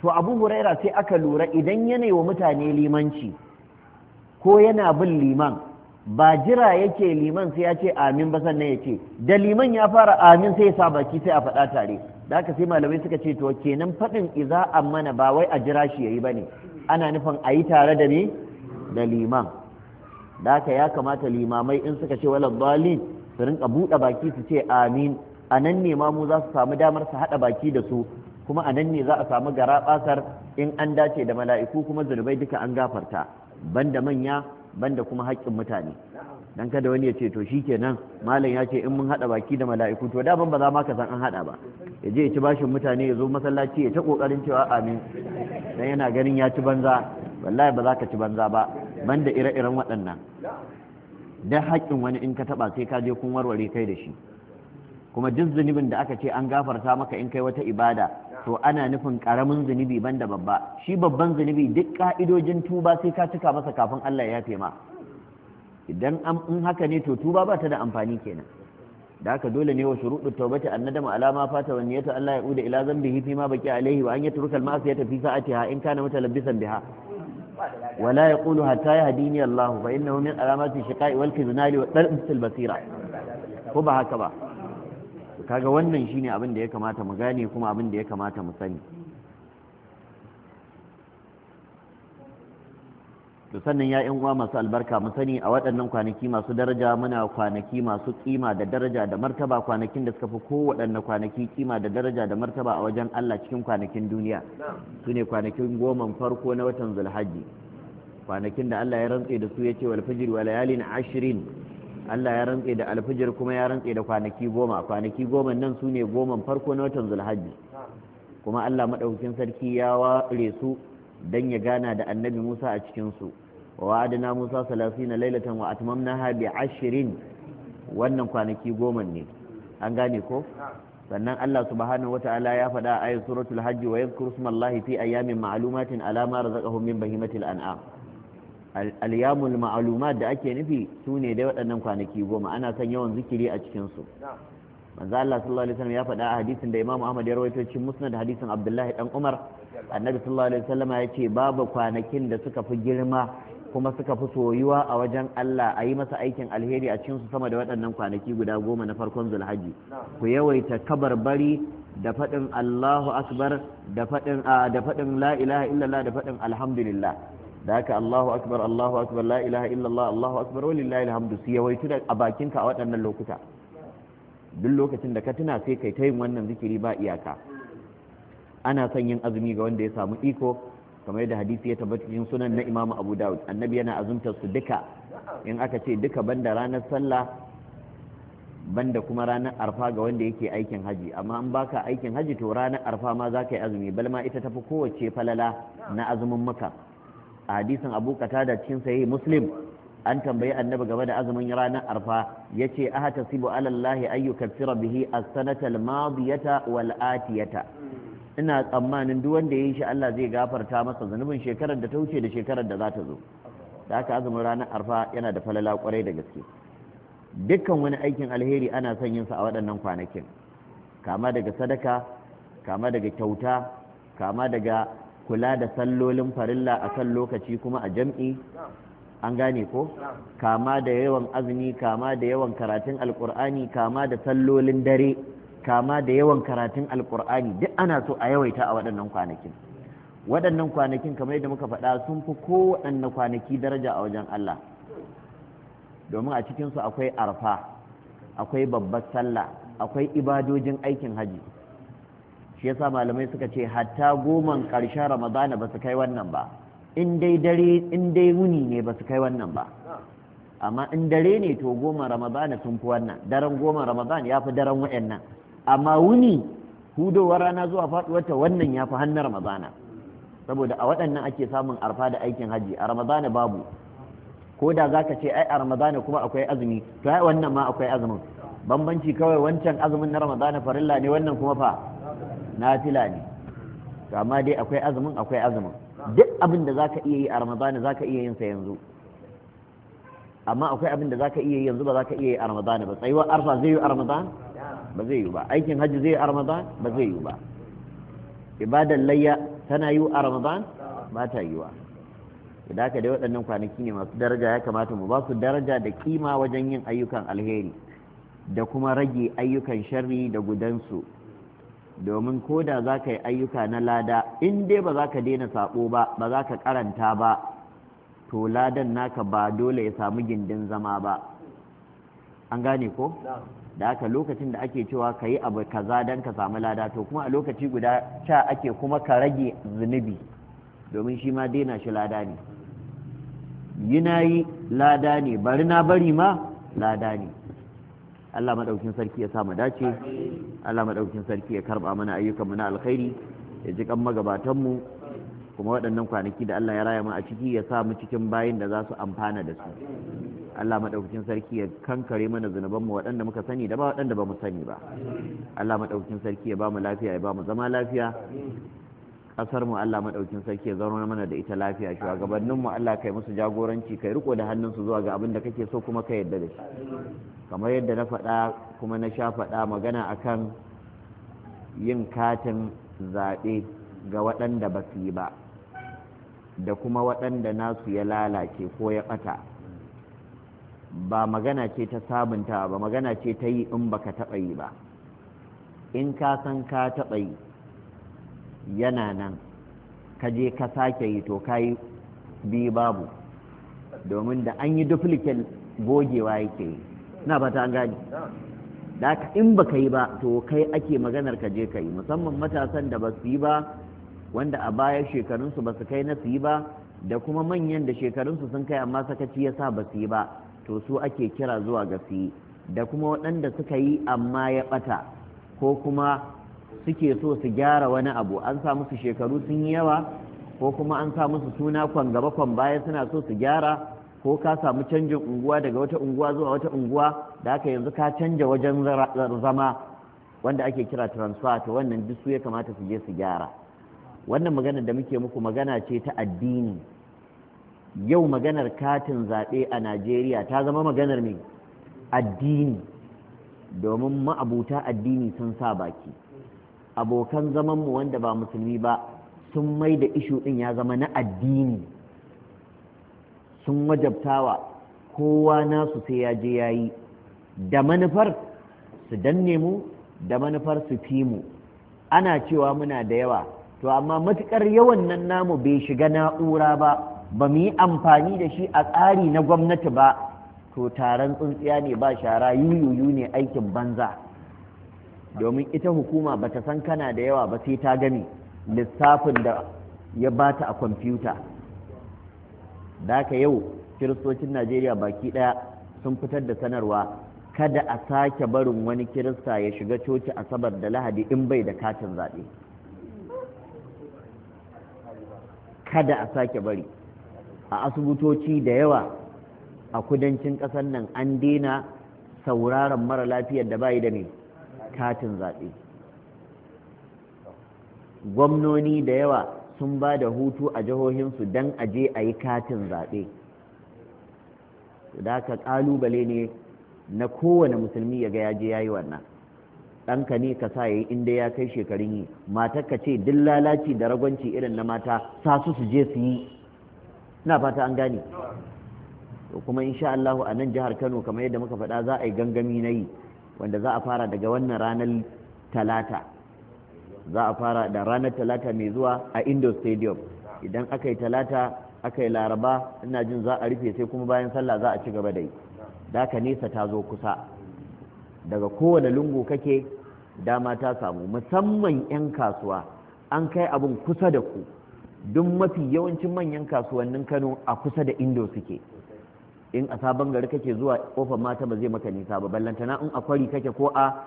to abu huraira sai aka lura idan yana wa mutane limanci ko yana bin liman ba jira yake liman sai ya ce amin ba sannan ya ce da liman ya fara amin sai ya sa baki sai a faɗa tare da haka sai malamai suka ce to kenan faɗin iza ammana ba wai a jira shi yayi bane ana nufin a yi tare da me da liman daka ya kamata limamai in suka ce wala su rinka buɗe baki su ce amin a nan ne ma mu za su samu damar su haɗa baki da su kuma a nan ne za a samu gara in an dace da mala'iku kuma zunubai duka an gafarta banda manya banda kuma haƙƙin mutane dan kada wani ya ce to shikenan malam ya ce in mun haɗa baki da mala'iku to da ban ba za ma ka san an haɗa ba ya je ya ci bashin mutane ya zo masallaci ya ta kokarin cewa amin dan yana ganin ya ci banza wallahi ba za ka ci banza ba banda ire-iren waɗannan don haƙƙin wani in ka taɓa sai ka je kun warware kai da shi kuma duk zunubin da aka ce an gafarta maka in kai wata ibada to ana nufin ƙaramin zunubi banda babba shi babban zunubi duk ƙa'idojin tuba sai ka cika masa kafin Allah ya yafe ma idan in haka ne to tuba ba ta da amfani kenan da haka dole ne wa shuruɗu taubati annadama alama fata wa niyyatu Allah ya uda ila zambihi fi ma baqi alaihi wa an yatruka al-ma'siyata fi sa'atiha in kana mutalabbisan biha ولا يقول حتى يهديني الله فإنه من علامات الشقاء والكذنال والطلبس البصيرة ko ba haka ba kaga wannan shine abin da ya kamata mu gane kuma abin da ya kamata mu sani da sannan ya uwa masu albarka mu sani a waɗannan kwanaki masu daraja muna kwanaki masu kima da daraja da martaba kwanakin da suka fi kowaɗanne kwanaki kima da daraja da martaba a wajen Allah cikin kwanakin duniya su ne kwanakin goma farko na watan zulhaji kwanakin da Allah ya rantse da su ya ce wal fajr wa layalin ashirin Allah ya rantse da alfijir kuma ya rantse da kwanaki goma kwanaki goma nan su ne goman farko na watan zulhaji kuma Allah madaukakin sarki ya ware su dan ya gana da annabi Musa a cikin su wa adana Musa 30 lailatan wa atmamnaha bi 20 wannan kwanaki goma ne an gane ko sannan Allah subhanahu wata'ala ya faɗa a ayin suratul hajji wa yadhkuru smallahi fi ayyamin ma'lumatin ala ma razaqahum min bahimatil an'am al yamul ma'lumat da ake nufi sune dai waɗannan kwanaki goma ana son yawan zikiri a cikin su manzo Allah sallallahu alaihi wasallam ya faɗa a hadisin da Imam Ahmad ya rawaito cikin Musnad hadisin Abdullahi dan Umar Annabi sallallahu alaihi wasallam ya ce babu kwanakin da suka fi girma kuma suka fi soyuwa a wajen Allah a yi masa aikin alheri a cikin su sama da waɗannan kwanaki guda goma na farkon Zulhaji ku yawaita kabarbari da faɗin Allahu akbar da faɗin da faɗin la ilaha illallah da faɗin alhamdulillah da haka Allahu akbar Allahu akbar la ilaha illallah Allahu akbar walillahi alhamdu su yawaitu a bakinka a waɗannan lokuta duk lokacin da ka tuna sai kai ta yin wannan zikiri ba iyaka ana son yin azumi ga wanda ya samu iko kamar yadda hadisi ya tabbata sunan na Imam Abu Dawud annabi yana azumtar su duka in aka ce duka banda ranar sallah banda kuma ranar arfa ga wanda yake aikin haji amma in baka aikin haji to ranar arfa ma za ka yi azumi bal ma ita tafi kowace falala na azumin maka a hadisin Abu da cikin sahih Muslim an tambayi annabi game da azumin ranar arfa ya ce aha sibu alallahi ayyu fira bihi as-sanatal madiyata wal atiyata ina tsammanin duk wanda ya yi shi Allah zai gafarta masa zanubin shekarar da ta wuce da shekarar da za ta zo da haka azumin ranar arfa yana da falala kwarai da gaske dukkan wani aikin alheri ana son yin sa a waɗannan kwanakin kama daga sadaka kama daga kyauta kama daga kula da sallolin farilla a kan lokaci kuma a jam'i an gane ko kama da yawan azumi kama da yawan karatun alkur'ani kama da sallolin dare kama da yawan karatun alkur'ani duk ana so a yawaita a waɗannan kwanakin waɗannan kwanakin kamar yadda muka faɗa sun fi kowaɗanne kwanaki daraja a wajen Allah domin a cikinsu akwai arfa akwai babbar sallah akwai ibadojin aikin haji shi yasa malamai suka ce hatta goman ƙarshen ramadana ba su kai wannan ba in dai dare in dai wuni ne ba su kai wannan ba amma in dare ne to goma ramadana sun fi wannan daren goma ramadan ya fi daren wa'annan amma wuni hudowar rana zuwa ta wannan ya fi hannun ramadana saboda a waɗannan ake samun arfa da aikin hajji, a ramadana babu ko da za ka ce ai a ramadana kuma akwai azumi to ai wannan ma akwai azumin bambanci kawai wancan azumin na ramadana farilla ne wannan kuma fa nafila ne dai akwai azumin akwai azumin duk abin da zaka iya yi a ramadana zaka iya yin sa yanzu amma akwai abin da zaka iya yi yanzu ba zaka iya yi a ramadana ba tsayuwar arfa zai yi a ramadan ba zai yi ba aikin hajji zai yi a ramadan ba zai yi ba ibadan layya tana yi a ramadan ba ta wa idan ka dai waɗannan kwanaki ne masu daraja ya kamata mu ba su daraja da kima wajen yin ayyukan alheri da kuma rage ayyukan sharri da gudansu domin ko da za ka yi ayyuka na lada in dai ba za ka daina saɓo ba ba za ka karanta ba to ladan naka ba dole ya samu gindin zama ba an gane ko da haka lokacin da ake cewa ka yi abu kaza don ka samu lada to kuma a lokaci guda sha ake kuma ka rage zunubi domin shi ma daina shi lada ne yi na yi lada ne bari na bari ma lada ne Allah madaukin sarki ya sa mu dace Allah madaukin sarki ya karba mana ayyukan mu na alkhairi ya ji kan magabatan mu kuma waɗannan kwanaki da Allah ya raya mu a ciki ya sa mu cikin bayin da za su amfana da su Allah madaukakin sarki ya kankare mana zunuban mu waɗanda muka sani da ba waɗanda ba mu sani ba Allah madaukakin sarki ya ba mu lafiya ya ba mu zama lafiya kasar mu Allah madaukin sarki ya zauna mana da ita lafiya gabanin mu Allah kai musu jagoranci kai riko da hannunsu zuwa ga abin da kake so kuma ka yarda da shi kamar yadda na faɗa kuma na sha faɗa magana akan yin katin zaɓe ga waɗanda ba su yi ba da kuma waɗanda nasu ya lalace ko ya ɓata ba magana ce ta sabunta ba magana ce ta yi in baka taɓa yi ba in ka san ka taɓa yi yana nan ka je ka sake yi to ka yi biyu babu domin da an yi duplicate gogewa yake yi na fata an gani da in baka yi ba to kai ake maganar ka je ka yi musamman matasan da ba su yi ba wanda a baya shekarunsu ba su kai na su yi ba da kuma manyan da shekarunsu sun kai amma sakaci ya sa ba su yi ba to su ake kira zuwa ga su yi da kuma waɗanda suka yi amma ya ɓata ko kuma suke so su gyara wani abu an sa musu shekaru sun yi yawa ko kuma an sa musu suna kwan gaba kwan baya suna so su gyara ko ka samu canjin unguwa daga wata unguwa zuwa wata unguwa da haka yanzu ka canja wajen zama wanda ake kira transfer to wannan duk su ya kamata su je su gyara wannan maganar da muke muku magana ce ta addini yau maganar katin zaɓe a najeriya ta zama maganar mai addini domin ma'abuta addini sun sa baki abokan zamanmu wanda ba musulmi ba sun mai da ishu ɗin ya zama na addini sun wajabtawa kowa nasu sai ya je ya da manufar su danne mu da manufar su fi mu ana cewa muna da yawa to amma matuƙar yawan nan namu bai shiga na'ura ba ba mu yi amfani da shi a tsari na gwamnati ba to taron tsuntsiya ne ba shara yuyuyu ne aikin banza domin ita hukuma ba ta san kana da yawa ba sai ta gani lissafin da ya bata a kwamfuta da aka yau kiristocin najeriya baki ɗaya sun fitar da sanarwa kada a sake barin wani kirista ya shiga coci asabar da lahadi in bai da katin zaɓe kada a sake bari a asibitoci da yawa a kudancin ƙasar nan an daina sauraron mara lafiyar da bayi da mai katin zaɓe gwamnoni da yawa sun ba da hutu a jihohinsu don a je a yi katin zaɓe da aka ƙalubale ne na kowane musulmi ya ga yaje je ya yi wannan ɗanka ne ka sa ya yi inda ya kai shekarun yi mata ka ce duk lalaci da ragonci irin na mata sa su su je su yi ina fata an gane kuma insha Allahu a nan jihar Kano kamar yadda muka faɗa za a yi gangami na yi wanda za a fara daga wannan ranar talata za a fara da ranar talata mai zuwa a indo stadium idan aka yi talata aka yi laraba ina jin za a rufe sai kuma bayan sallah za a ci gaba da yi da nesa ta zo kusa daga kowane lungu kake dama ta samu musamman 'yan kasuwa an kai abin kusa da ku duk mafi yawancin manyan kasuwannin kano a kusa da indo suke in a sabon gari kake zuwa kofar mata ba zai maka nisa ba na in a kake ko a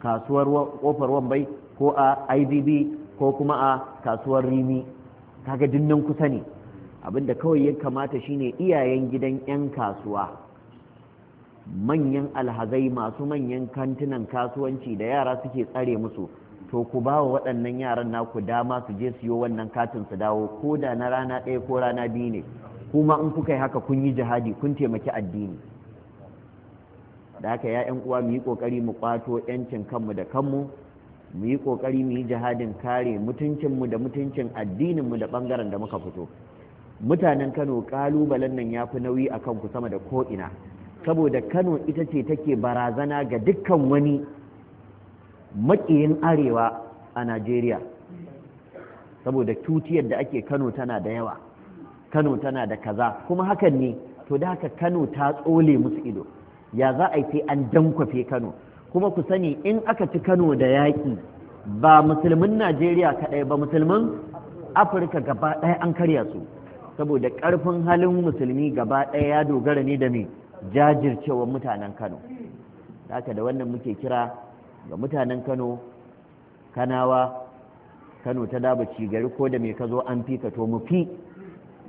kasuwar kofar wambai ko a ibb ko kuma a kasuwar rimi kaga dinnan kusa ne abinda kawai ya kamata shine iyayen gidan 'yan kasuwa manyan alhazai masu manyan kantunan kasuwanci da yara suke tsare musu to ku ba wa waɗannan yaran naku dama su je siyo wannan katin su dawo ko da na rana ɗaya ko rana biyu ne kuma in kuka yi haka kun yi jihadi kun taimaki addini da haka ya yan uwa mu yi kokari mu kwato yancin kanmu da kanmu mu yi kokari mu yi jihadin kare mutuncinmu da mutuncin addininmu da bangaren da muka fito mutanen kano kalubalen nan ya fi nauyi a kanku sama da ko'ina saboda kano ita ce take barazana ga dukkan wani maƙiyin arewa a najeriya saboda tutiyar da ake kano tana da yawa kano tana da kaza kuma hakan ne to da haka kano ta tsole musu ido ya za a yi sai an dankwafe kano kuma ku sani in aka ci kano da yaƙi ba musulmin najeriya kaɗai ba musulmin afirka gaba ɗaya an karya su saboda ƙarfin halin musulmi gaba ɗaya ya dogara ne da mai jajircewar mutanen kano haka da wannan muke kira ga mutanen kano kanawa kano ta daba gari ko da me ka zo an fi ka to mu fi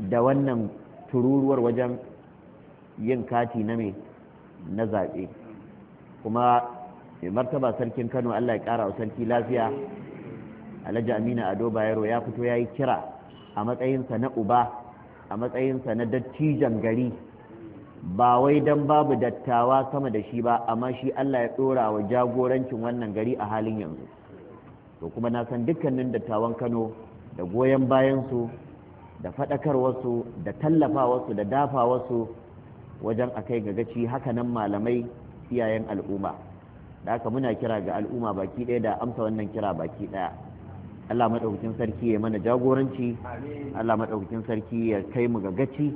da wannan tururuwar wajen yin kati na mai na zaɓe kuma mai martaba sarkin kano allah ya ƙara wa sarki lafiya alhaji amina ado bayero ya fito ya yi kira a matsayinsa na uba a matsayinsa na dattijan gari ba wai don babu dattawa sama da shi ba amma shi allah ya ɗora wa jagorancin wannan gari a halin yanzu to kuma na san dukkanin dattawan kano da goyon bayansu da wasu da wasu da dafa wasu wajen a kai gaci hakanan malamai iyayen al'umma da haka muna kira ga al'umma baki ɗaya da amsa wannan kira baki ɗaya Allah maɗaukakin sarki ya mana jagoranci Allah maɗaukakin sarki ya kai mu gaci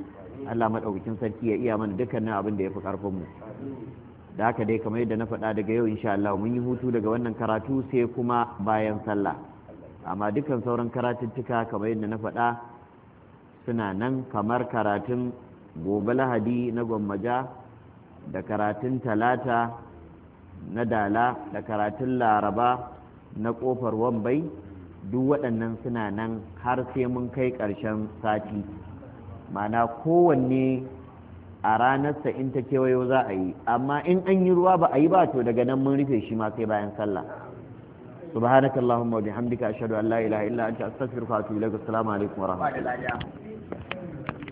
Allah maɗaukakin sarki ya iya mana dukkanin abin da ya fi ƙarfinmu da haka dai kamar yadda na faɗa daga yau insha Allah mun yi hutu daga wannan karatu sai kuma bayan sallah amma dukkan sauran karatuttuka kamar yadda na faɗa suna nan kamar karatun gobe lahadi na gwammaja da karatun talata na dala da karatun laraba na kofar wambai duk waɗannan suna nan har sai mun kai ƙarshen sati mana kowanne a ranarsa in ta kewayo za a yi amma in an yi ruwa ba a yi ba to daga nan mun rufe shi ma sai bayan sallah subhanakallahumma wa bihamdika ashhadu an la ilaha illa anta astaghfiruka wa atubu ilaik assalamu alaikum wa rahmatullahi